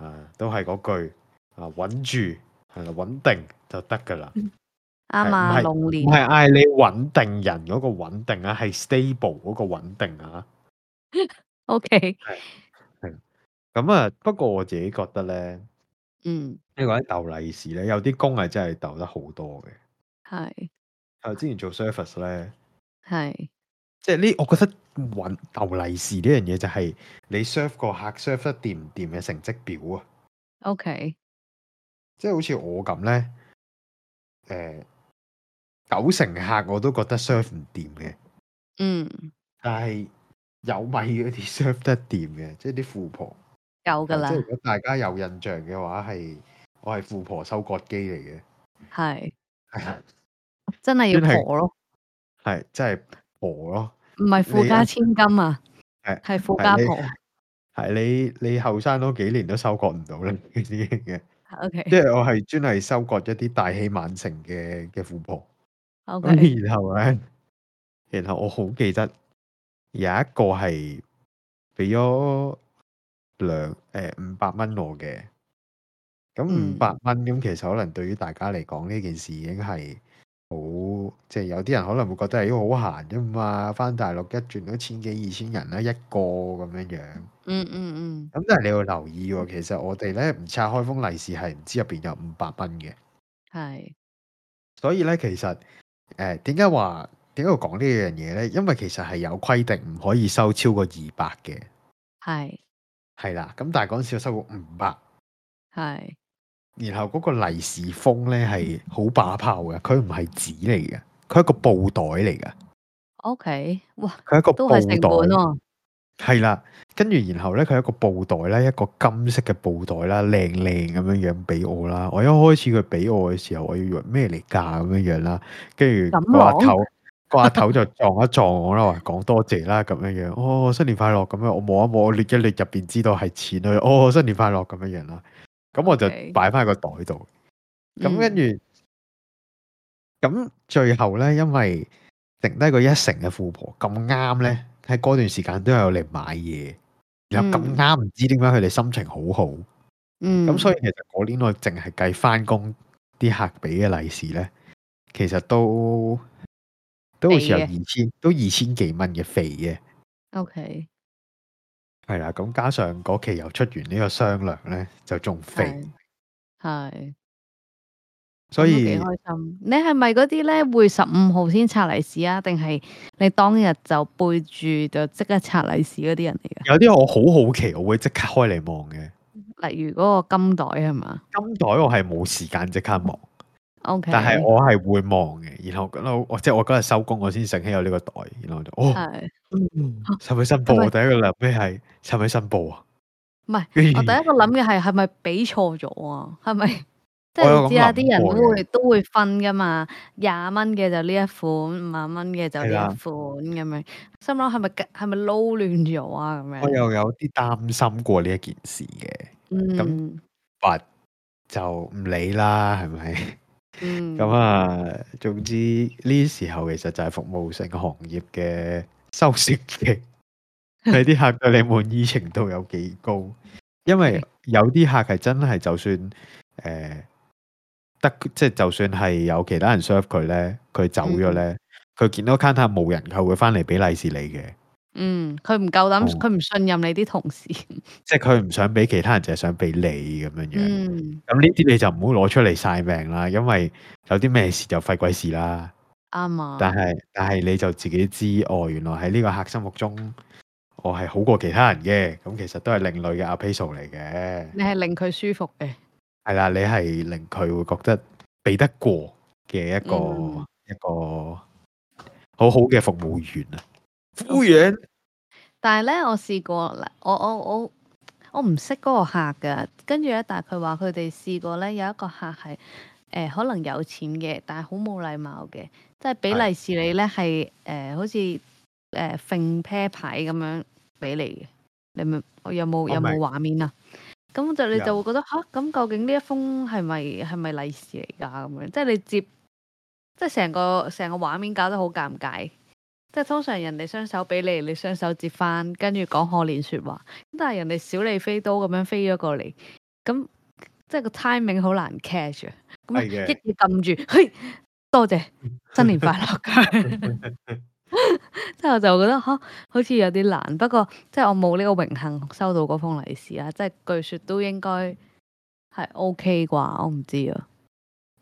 啊，都係嗰句啊，穩住，係啦，穩定就得噶啦。啱啊，龍年，唔係嗌你穩定人嗰個穩定啊，係 stable 嗰個穩定啊。 OK。咁啊，不過我自己覺得咧，嗯，你你呢個喺逗利是咧，有啲工係真係逗得好多嘅。係，啊，之前做 service 咧，係，即係呢，我覺得混逗利是呢樣嘢就係你 serve 個客 serve 得掂唔掂嘅成績表啊。OK，即係好似我咁咧，誒、呃，九成客我都覺得 serve 唔掂嘅。嗯，但係有米嗰啲 serve 得掂嘅，即係啲富婆。有噶啦！即係如果大家有印象嘅話，係我係富婆收割機嚟嘅，係係啊，真係要婆咯，係真係婆咯，唔係富家千金啊，係富家婆，係你你後生嗰幾年都收割唔到啦，嗰啲嘅，O K，即係我係專係收割一啲大器晚成嘅嘅富婆，咁、okay. 嗯、然後咧，然後我好記得有一個係俾咗。兩誒五百蚊我嘅，咁五百蚊咁，嗯、其實可能對於大家嚟講呢件事已經係好，即、就、係、是、有啲人可能會覺得係好、哎、閒啫嘛。翻大陸一轉到千幾二千人啦，一個咁樣樣。嗯嗯嗯。咁但係你要留意喎，其實我哋咧唔拆開封利是，是，係唔知入邊有五百蚊嘅。係。所以咧，其實誒，點解話點解要講呢樣嘢？咧因為其實係有規定唔可以收超過二百嘅。係。係啦，咁但係嗰陣時收過五百，係，然後嗰個利是封咧係好把炮嘅，佢唔係紙嚟嘅，佢係一個布袋嚟噶，OK，哇，佢一個都係成本喎，係啦，跟住然後咧佢一個布袋啦，啊，一個金色嘅布袋啦，靚靚咁樣樣俾我啦，我一開始佢俾我嘅時候我要問咩嚟㗎咁樣樣啦，跟住話頭。個頭就撞一撞我啦，話講多謝啦，咁樣樣哦，新年快樂咁樣，我摸一摸，我裂一裂入邊，知道係錢啊，哦，新年快樂咁樣樣啦，咁我就擺翻個袋度，咁跟住，咁最後咧，因為剩低個一成嘅富婆咁啱咧，喺嗰段時間都有嚟買嘢，又咁啱，唔知點解佢哋心情好好，嗯，咁所以其實嗰年我淨係計翻工啲客俾嘅利是咧，其實都。都好似有二千，都二千幾蚊嘅肥嘅。O K，係啦，咁加上嗰期又出完呢個雙糧咧，就仲肥。係，所以幾開心。你係咪嗰啲咧會十五號先拆利是啊？定係你當日就背住就即刻拆利是嗰啲人嚟噶？有啲我好好奇，我會即刻開嚟望嘅。例如嗰個金袋係嘛？金袋我係冇時間即刻望。Okay. 但係我係會忘嘅，然後咯，我即係我嗰日收工，我先醒起有呢個袋，然後就哦，係，係咪申報係咪？第一個諗咩係？係咪申報啊？唔係，我第一個諗嘅係係咪俾錯咗啊？係咪？即係唔知啊？啲人都會都會分㗎嘛，廿蚊嘅就呢一款，五萬蚊嘅就呢一款咁樣，心諗係咪係咪撈亂咗啊？咁樣，我又有啲擔心過呢一件事嘅，咁、嗯，但就唔理啦，係咪？咁、嗯、啊，總之呢時候其實就係服務性行業嘅收成期，係 啲客對你滿意程度有幾高，因為有啲客係真係就算誒得，即、呃、係就，就算係有其他人 serve 佢咧，佢走咗咧，佢、嗯、見到 counter 冇人，佢會翻嚟俾利是你嘅。.嗯，佢唔夠膽，佢、嗯、唔信任你啲同事，即係佢唔想俾其他人，就係、是、想俾你咁樣樣。咁呢啲你就唔好攞出嚟晒命啦，因為有啲咩事就費鬼事啦。啱、嗯、啊！但係但係你就自己知哦，原來喺呢個客心目中，我係好過其他人嘅。咁其實都係另類嘅 a Peso 嚟嘅。你係令佢舒服嘅，係啦，你係令佢會覺得俾得過嘅一個、嗯、一個好好嘅服務員啊。但係咧，我試過啦，我我我我唔識嗰個客噶，跟住咧，但係佢話佢哋試過咧，有一個客係誒、呃、可能有錢嘅，但係好冇禮貌嘅，即係俾利是你咧係誒好似誒揈啤牌咁樣俾你嘅，你咪我有冇有冇畫面啊？咁就你就會覺得吓，咁、啊、究竟呢一封係咪係咪利是嚟噶？咁樣即係你接，即係成個成個畫面搞得好尷尬。即係通常人哋雙手俾你，你雙手接翻，跟住講賀年說話。咁但係人哋小李飛刀咁樣飛咗過嚟，咁即係個 timing 好難 catch。咁一嘢撳住，嘿，多謝，新年快樂。之 我就覺得哈，好似有啲難。不過即係我冇呢個榮幸收到嗰封利是啊！即係據說都應該係 OK 啩，我唔知啊。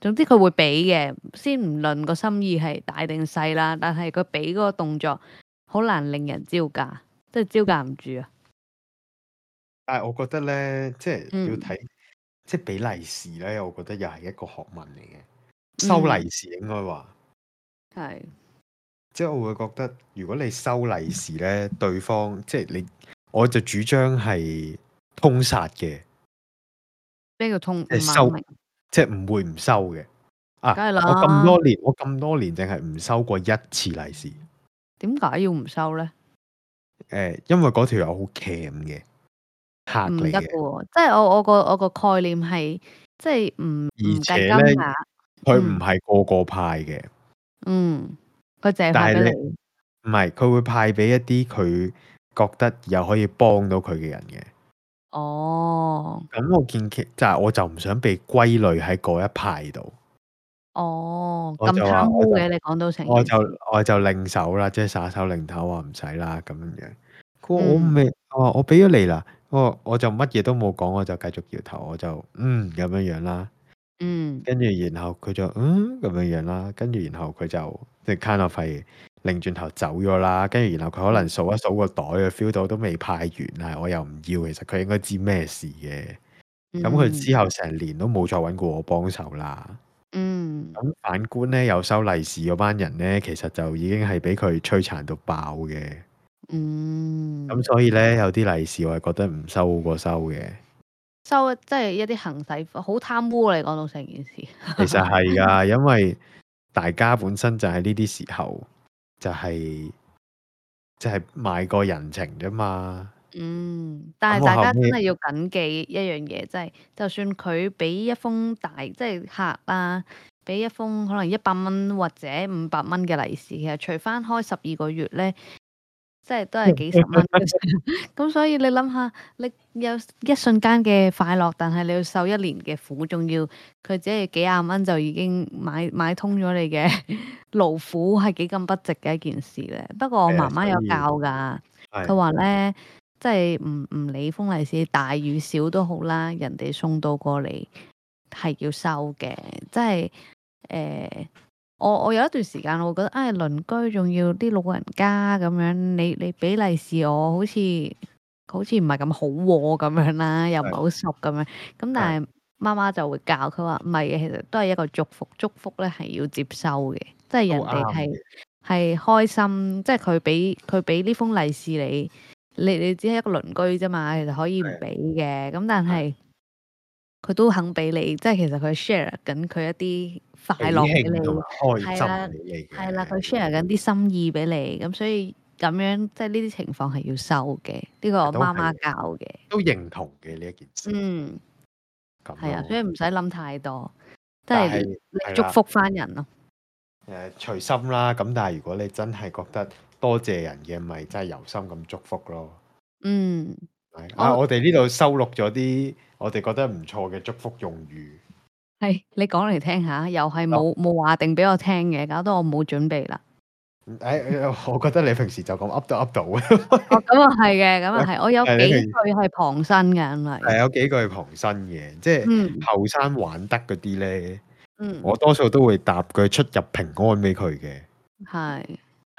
總之佢會俾嘅，先唔論個心意係大定細啦，但係佢俾嗰個動作好難令人招架，即係招架唔住啊！但係我覺得咧，即係要睇、嗯、即係俾利是咧，我覺得又係一個學問嚟嘅，收利是應該話係，即係我會覺得如果你收利是咧，對方即係你，我就主張係通殺嘅，咩叫通？即係收。即係唔會唔收嘅啊！梗係啦，我咁多年，我咁多年淨係唔收過一次利是。點解要唔收咧？誒，因為嗰條友好 cam 嘅，唔得嘅。即係我我個我個概念係，即係唔而且咧，佢唔係個個派嘅。嗯，佢、嗯、借。但係你唔係佢會派俾一啲佢覺得又可以幫到佢嘅人嘅。哦，咁我見其、就係就，哦，就，就，就，我就唔想被歸類喺嗰一派度。哦，咁慘嘅你講到成，我就我就擰手啦，即係耍手擰頭啊，唔使啦咁樣樣。我未，我我俾咗你啦，我我就乜嘢都冇講，我就繼續搖頭，我就嗯咁樣樣啦，嗯。跟住然後佢就嗯咁樣樣啦，跟住然後佢就即係 c a n 擰轉頭走咗啦，跟住然後佢可能數一數個袋，佢 feel 到都未派完啦。我又唔要，其實佢應該知咩事嘅。咁、嗯、佢之後成年都冇再搵過我幫手啦。嗯，咁反觀呢，有收利是嗰班人呢，其實就已經係俾佢摧殘到爆嘅。嗯，咁所以呢，有啲利是我係覺得唔收好過收嘅。收即係一啲行使好貪污嚟，你講到成件事。 其實係噶，啊，因為大家本身就係呢啲時候。就係、是、就係、是、賣個人情啫嘛。嗯，但係大家真係要謹記一樣嘢，即係、就是、就算佢俾一封大即係、就是、客啦、啊，俾一封可能一百蚊或者五百蚊嘅利是，其實除返開十二個月呢。即係都係幾十蚊，咁 所以你諗下，你有一瞬間嘅快樂，但係你要受一年嘅苦，仲要佢只係幾廿蚊就已經買買通咗你嘅勞苦，係幾咁不值嘅一件事咧。不過我媽媽有教㗎，佢話咧，即係唔唔理封利是大與小都好啦，人哋送到過嚟係要收嘅，即係誒。呃我我有一段時間我會覺得，哎，鄰居仲要啲老人家咁樣，你你俾利是我好似，好似好似唔係咁好咁樣啦，又唔係好熟咁樣。咁但係媽媽就會教佢話，唔係嘅，其實都係一個祝福，祝福咧係要接收嘅，即係人哋係係開心，即係佢俾佢俾呢封利是你，你你只係一個鄰居啫嘛，其實可以唔俾嘅。咁但係佢都肯俾你，即係其實佢 share 緊佢一啲。快樂嘅你，係啦，係啦，佢 share 緊啲心意俾你，咁所以咁樣即係呢啲情況係要收嘅，呢個媽媽教嘅，都認同嘅呢一件事。嗯，係啊，所以唔使諗太多，即係祝福翻人咯。誒，隨心啦，咁但係如果你真係覺得多謝人嘅，咪真係由心咁祝福咯。嗯。啊，我哋呢度收錄咗啲我哋覺得唔錯嘅祝福用語。係、哎、你講嚟聽下，又係冇冇話定俾我聽嘅，搞到我冇準備啦。誒、哎，我覺得你平時就咁噏都噏到嘅。 哦，咁啊係嘅，咁啊係。我有幾句係旁身嘅咁啊。係有幾句係旁身嘅，即係後生玩得嗰啲咧。我多數都會答句出入平安俾佢嘅。係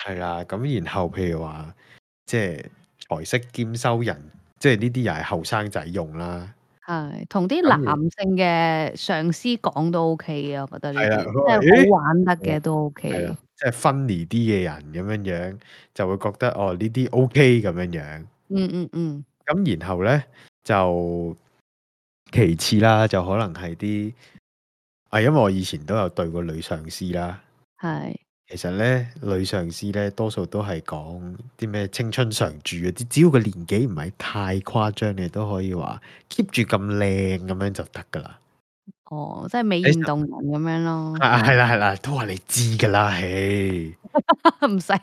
係啦，咁然後譬如話，即係財色兼收人，即係呢啲又係後生仔用啦。係，同啲男性嘅上司講都 OK 啊，我覺得呢啲真係好玩得嘅都 OK 咯。即係分離啲嘅人咁樣樣，就會覺得哦，呢啲 OK 咁樣樣。嗯嗯嗯。咁然後咧就其次啦，就可能係啲，係因為我以前都有對過女上司啦。係。其實咧，女上司咧，多數都係講啲咩青春常駐啊，只要個年紀唔係太誇張，你都可以話 keep 住咁靚咁樣就得噶啦。哦，即係美艷動人咁樣咯。係啦係啦，都話你知噶啦，嘿，唔 使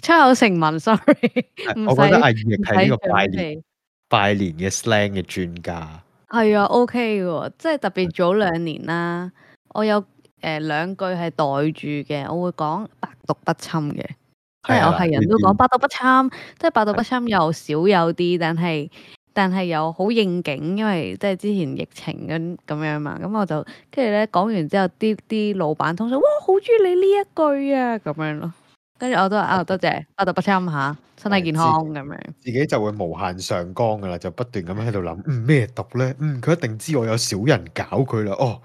出口成文，sorry。我覺得阿葉亦係呢個拜年拜年嘅 slang 嘅專家。係啊，OK 嘅，即係特別早兩年啦，我有。誒、呃、兩句係袋住嘅，我會講百毒不侵嘅。即係我係人都講百毒不侵，即係百毒不侵又少有啲，但係但係又好應景，因為即係之前疫情咁咁樣嘛。咁我就跟住咧講完之後，啲啲老闆通常哇好中意你呢一句啊咁樣咯。跟住我都啊多謝百毒不侵嚇，身、啊、體健康咁樣自。自己就會無限上綱噶啦，就不斷咁喺度諗，咩毒咧？嗯佢、嗯、一定知我有小人搞佢啦。哦。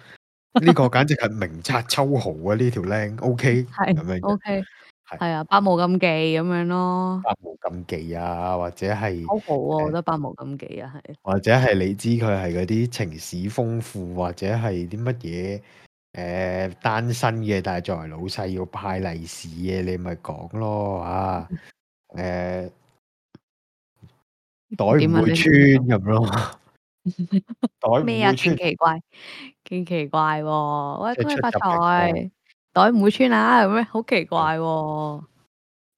呢 個簡直係明察秋毫啊！呢條靚，OK，係咁樣，OK，係啊，百無禁忌咁樣咯，百無禁忌啊，或者係好好啊，我覺得百無禁忌啊係，或者係你知佢係嗰啲情史豐富，或者係啲乜嘢誒單身嘅，但係作為老細要派利是嘅，你咪講咯啊，誒、呃， 袋唔會穿咁咯。 袋咩啊？咁奇怪，咁奇怪喎、哦！喂，恭喜發財，袋唔會穿啊？咁咩？好奇怪喎、哦！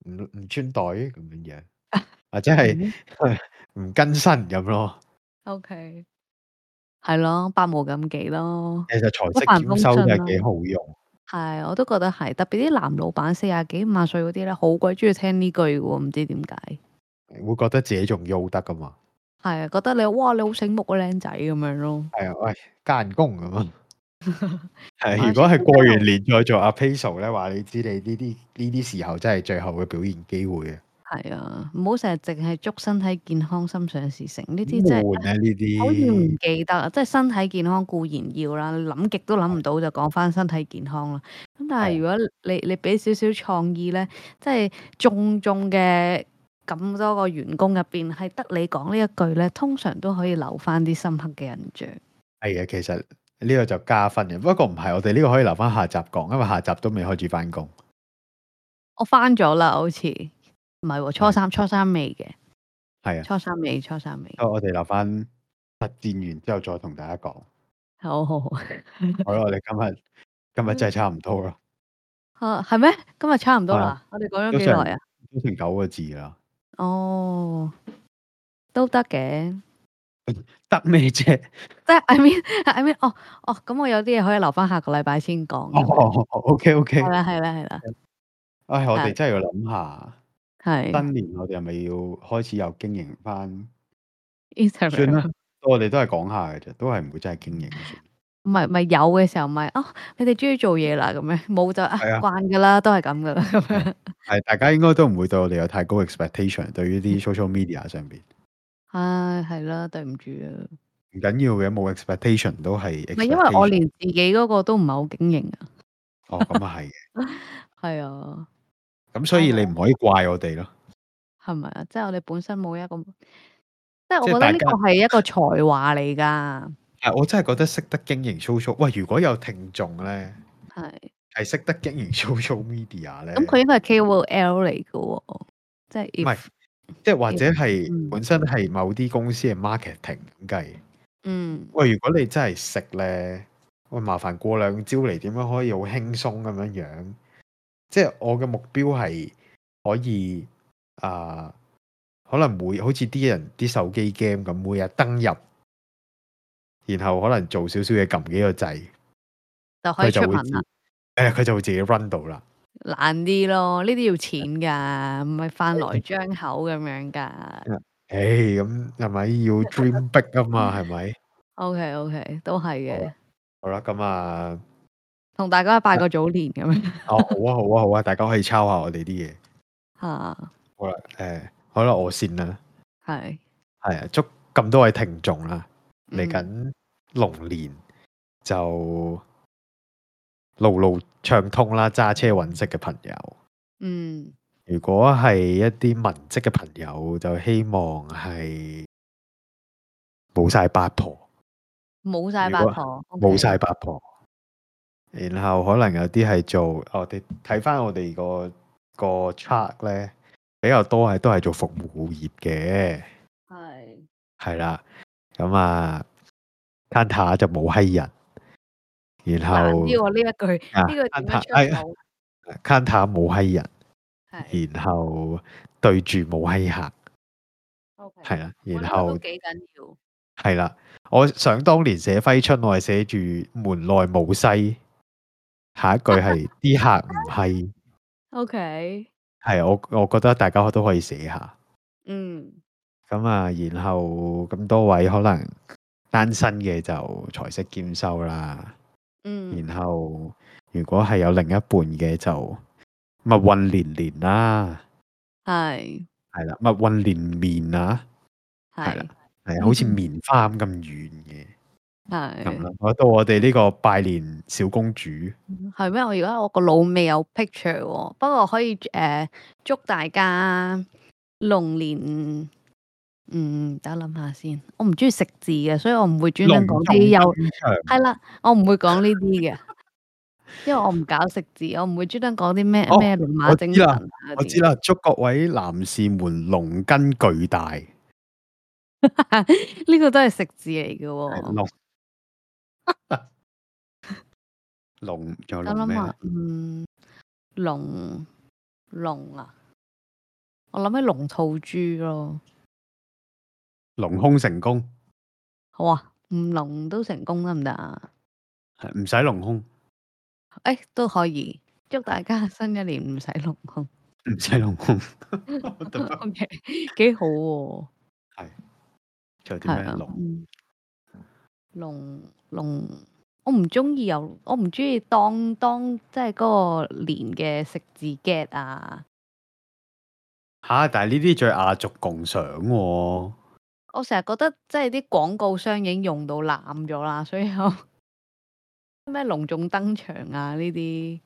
唔 唔穿袋咁樣，或者係唔更新咁咯？O K，係咯，百無禁忌咯。其實財色兼收真係幾好用。係、啊，我都覺得係，特別啲男老闆四廿幾五廿歲嗰啲咧，好鬼中意聽呢句嘅，唔知點解。會覺得自己仲郁得噶嘛？係啊，覺得你哇，你好醒目個靚仔咁樣咯。係啊，喂加人工咁 啊。係如果係過完年再做 appraisal 咧，話你，你知你呢啲呢啲時候真係最後嘅表現機會啊。係啊，唔好成日淨係祝身體健康、心想事成呢啲真係。換啊呢啲。唔記得啦，即係、就是、身體健康固然要啦，諗極都諗唔到、嗯、就講翻身體健康啦。咁但係如果你、啊、你俾少少創意咧，即、就、係、是、重重嘅。咁多個員工入邊，係得你講呢一句咧，通常都可以留翻啲深刻嘅印象。係啊，其實呢個就加分嘅。不過唔係，我哋呢個可以留翻下集講，因為下集都未開始翻工。我翻咗啦，好似唔係，初三初三未嘅。係啊，初三未，初三未。我哋留翻實戰完之後再同大家講。好，好，好。 好啦，我哋今日今日真係差唔多啦。啊，係咩？今日差唔多啦。 我哋講咗幾耐啊？成九個字啦。哦，都得嘅、嗯，得咩啫？即係 I mean，I mean，哦哦，咁我有啲嘢可以留翻下個禮拜先講。哦，OK，OK，係啦，係啦，係啦。哎，我哋真係要諗下，係新年我哋係咪要開始又經營翻？Instagram，算啦，我哋都係講下嘅啫，都係唔會真係經營。唔係，咪有嘅時候咪哦，你哋中意做嘢啦，咁樣冇就慣噶啦，都係咁噶啦，咁樣係 大家應該都唔會對我哋有太高 expectation，對於啲 social media 上邊唉，係啦，對唔住啊，唔緊要嘅，冇 expectation 都係唔係因為我連自己嗰個都唔係好經營啊，哦咁啊係，係啊，咁 是的 所以你唔可以怪我哋咯，係咪啊？即係我哋本身冇一個，即係我覺得呢個係一個才華嚟噶。誒，我真係覺得識得經營 social，喂，如果有聽眾咧，係係識得經營 social media 咧，咁佢應該係 KOL 嚟嘅，即係唔係，即係或者係本身係某啲公司嘅 marketing 咁計。嗯，喂，如果你真係識咧，喂，麻煩過兩招嚟，點樣可以好輕鬆咁樣樣？即係我嘅目標係可以啊，呃，可能會好似啲人啲手機 game 咁，每日登入。然後可能做少少嘅撳幾個掣，就可以出品啦。誒，佢就會自己 run 到啦。難啲咯，呢啲要錢噶，唔係飯來張口咁樣噶。誒，咁係咪要 dream big 啊嘛，係咪？OK，OK，都係嘅。好啦，咁啊，同大家拜個早年咁樣。哦，好啊，好啊，好啊，大家可以抄下我哋啲嘢。吓，好啦，誒，好啦，我先啦。係係啊，祝咁多位聽眾啦～嚟緊龍年就路路暢通啦！揸車揾食嘅朋友，嗯，如果係一啲文職嘅朋友，就希望係冇晒八婆，冇晒八婆，冇晒八婆，okay。然後可能有啲係做，我哋睇翻我哋個個 chart 呢，比較多係都係做服務，務業嘅，係係啦。咁啊 counter 就冇閪人，然後難啲呢、啊、一句，呢、啊這個點樣出口？counter 冇閪人，然後對住冇閪客，O K，係啦，然後都幾緊要，係啦，我想當年寫揮春我係寫住門內冇西，下一句係啲 客唔閪，O K，係我我覺得大家都可以寫下，嗯。咁啊，然後咁多位可能單身嘅就財色兼收啦。嗯，然後如果係有另一半嘅就蜜運連連啦。係係啦，蜜運連連啊。係啦，係、啊、好似棉花咁咁軟嘅。係咁我到我哋呢個拜年小公主係咩？我而家我個腦未有 picture，、哦、不過可以誒、呃、祝大家龍年。嗯，等我諗下先。我唔中意食字嘅，所以我唔會專登講啲有系啦。我唔會講呢啲嘅， 因為我唔搞食字，我唔會專登講啲咩咩龍馬精神。我知啦，我知啦，祝各位男士們龍根巨大。呢 個都係食字嚟嘅喎，龍龍仲有諗咩？嗯，龍龍啊，我諗起龍吐珠咯。隆胸成功，好啊，唔龍都成功得唔得？係唔使隆胸，誒、欸、都可以，祝大家新一年唔使隆胸，唔使隆胸，幾 好喎，啊。係，仲有啲咩龍？龍龍、啊，我唔中意有，我唔中意當當，即係嗰個年嘅食字 get 啊！吓、啊，但係呢啲最雅俗共賞，啊。我成日覺得，即係啲廣告商已經用到濫咗啦，所以咩隆重登場啊呢啲，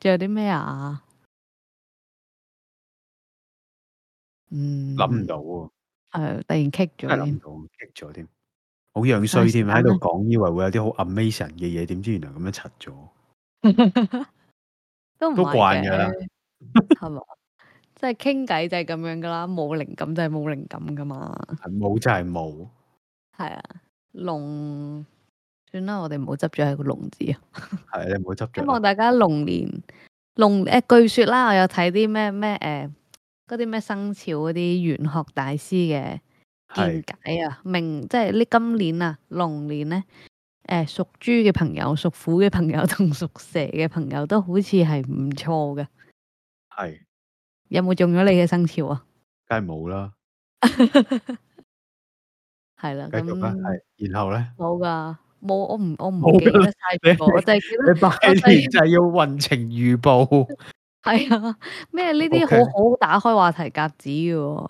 仲有啲咩啊？嗯，諗唔到喎。係突然 kick 咗添，kick 咗添，好樣衰添，喺度講以為會有啲好 amazing 嘅嘢，點知原來咁樣柒咗，都慣嘅，係嘛？即係傾偈就係咁樣噶啦，冇靈感就係冇靈感噶嘛。冇就係冇。係啊，龍，算啦，我哋唔好執著喺個龍字啊。係，你唔好執著。希望大家龍年龍誒、呃，據說啦，我有睇啲咩咩誒，嗰啲咩生肖嗰啲玄學大師嘅見解啊。明即係呢今年啊，龍年咧，誒、呃，屬豬嘅朋友、屬虎嘅朋友、屬虎嘅朋友同屬蛇嘅朋友都好似係唔錯嘅。係。有冇中咗你嘅生肖啊？梗係冇啦，係、嗯、啦，繼續啦，係然後咧冇噶，冇我唔我唔記得晒嘅，我就係記得，了你得你我就係、是、要運程預報，係 啊，咩呢啲好好打開話題夾子嘅，佢、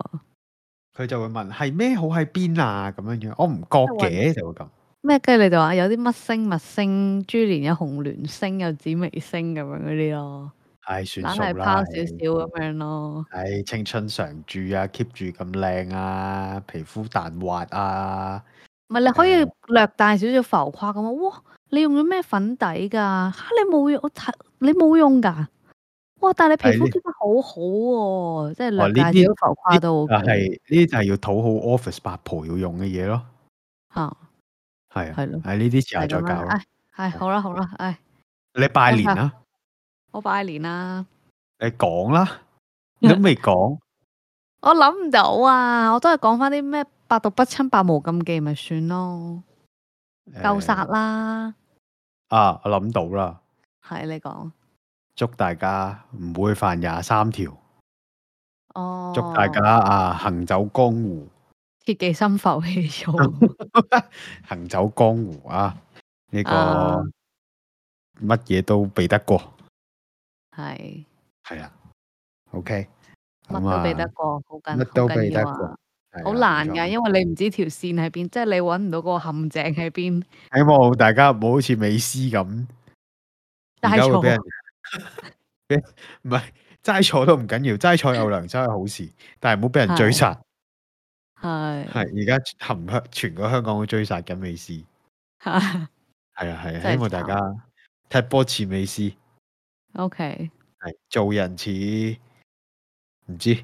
okay。就會問係咩好喺邊啊？咁樣樣，我唔覺嘅就會咁咩？跟住你就話有啲乜星、乜星、珠簾有紅鸞星，有紫微星咁樣嗰啲咯。唉，算數啦，拋少少咁樣咯。唉，青春常駐啊，keep 住咁靚啊，皮膚彈滑啊。唔係你可以略帶少少浮誇咁啊！哇，你用咗咩粉底噶？吓，你冇用我睇，你冇用噶？哇！但係你皮膚 keep 得好好、啊、喎，即係略帶少少浮誇都。但係呢啲就係要討好 office 八婆要用嘅嘢咯。吓、哦，係啊，係呢啲之後再教。係好啦，好啦，唉，你拜年啦、啊。我拜年啦！你講啦，你都未講。 我諗唔到啊！我都係講返啲咩百毒不侵、百無禁忌咪算咯，夠、欸、殺啦！啊，我諗到啦，係你講。祝大家唔會犯廿三條。哦。祝大家啊，行走江湖，切忌心浮氣躁， 行走江湖啊，呢、這個乜嘢、啊、都避得過。係係啊，OK，乜都俾得過，好緊好緊要啊，好、啊、難噶、啊，因為你唔知條線喺邊，即、就、係、是、你搵唔到個陷阱喺邊。希望大家唔好好似美斯咁，齋錯，唔係齋錯都唔緊要緊，齋錯有良心真係好事， 但係唔好俾人追殺。係係，而家含香全個香港都追殺緊美斯。係 啊係，啊希望大家踢 波似美斯。OK，係做人似唔知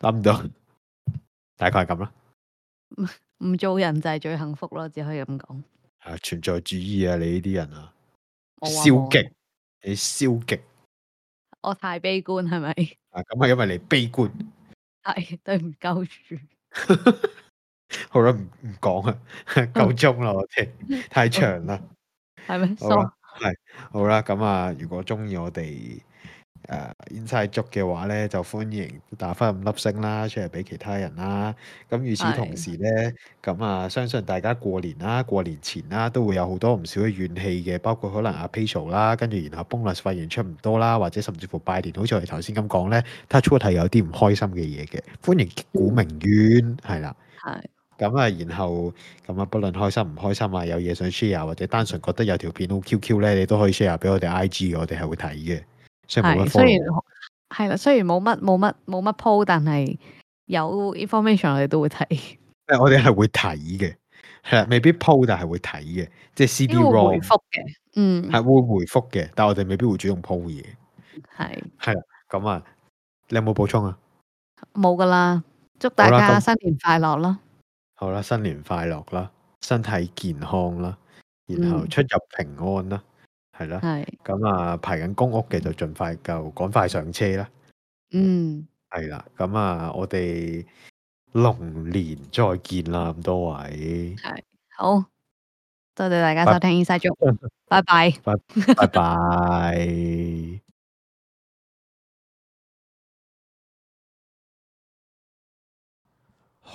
諗唔到，大概係咁啦。唔做人就係最幸福咯，只可以咁講。係、啊、存在主義啊，你呢啲人啊我我，消極，你消極。我太悲觀係咪？啊，咁係因為你悲觀，係、哎、對唔 夠住 好啦，唔唔講啊，夠鐘啦，我哋太長啦，係咪？sorry 係好啦，咁啊，如果中意我哋誒，inside joke 嘅話咧，就歡迎打翻五粒星啦，出嚟俾其他人啦。咁與此同時咧，咁啊，相信大家過年啦，過年前啦，都會有好多唔少嘅怨氣嘅，包括可能阿 Peso 啦，跟住然後 bonus 發現出唔多啦，或者甚至乎拜年，好似我哋頭先咁講咧，touch u 係有啲唔開心嘅嘢嘅，歡迎擊鼓鳴冤，係、嗯、啦。咁啊，然後咁啊，不論開心唔開心啊，有嘢想 share 或者單純覺得有條片好 Q Q 咧，你都可以 share 俾我哋 I G，我哋係會睇嘅。係，雖然係啦，雖然冇乜冇乜冇乜 po，但係有 information 我哋都會睇。誒，我哋係會睇嘅，係啦，未必 po，但係會睇嘅，即係 C D raw。會回覆嘅，嗯，係、嗯、會回覆嘅，但係我哋未必會主動 po 嘢。係。係啦，咁啊，你有冇補充啊？冇噶啦，祝大家新年快樂啦！好啦，新年快樂啦，身體健康啦，然後出入平安啦，係啦，咁啊排緊公屋嘅就盡快購，趕快上車啦，嗯，係啦，咁啊，我哋龍年再見啦，咁多位係好，多謝大家收聽 Inside Joke，拜拜，拜拜。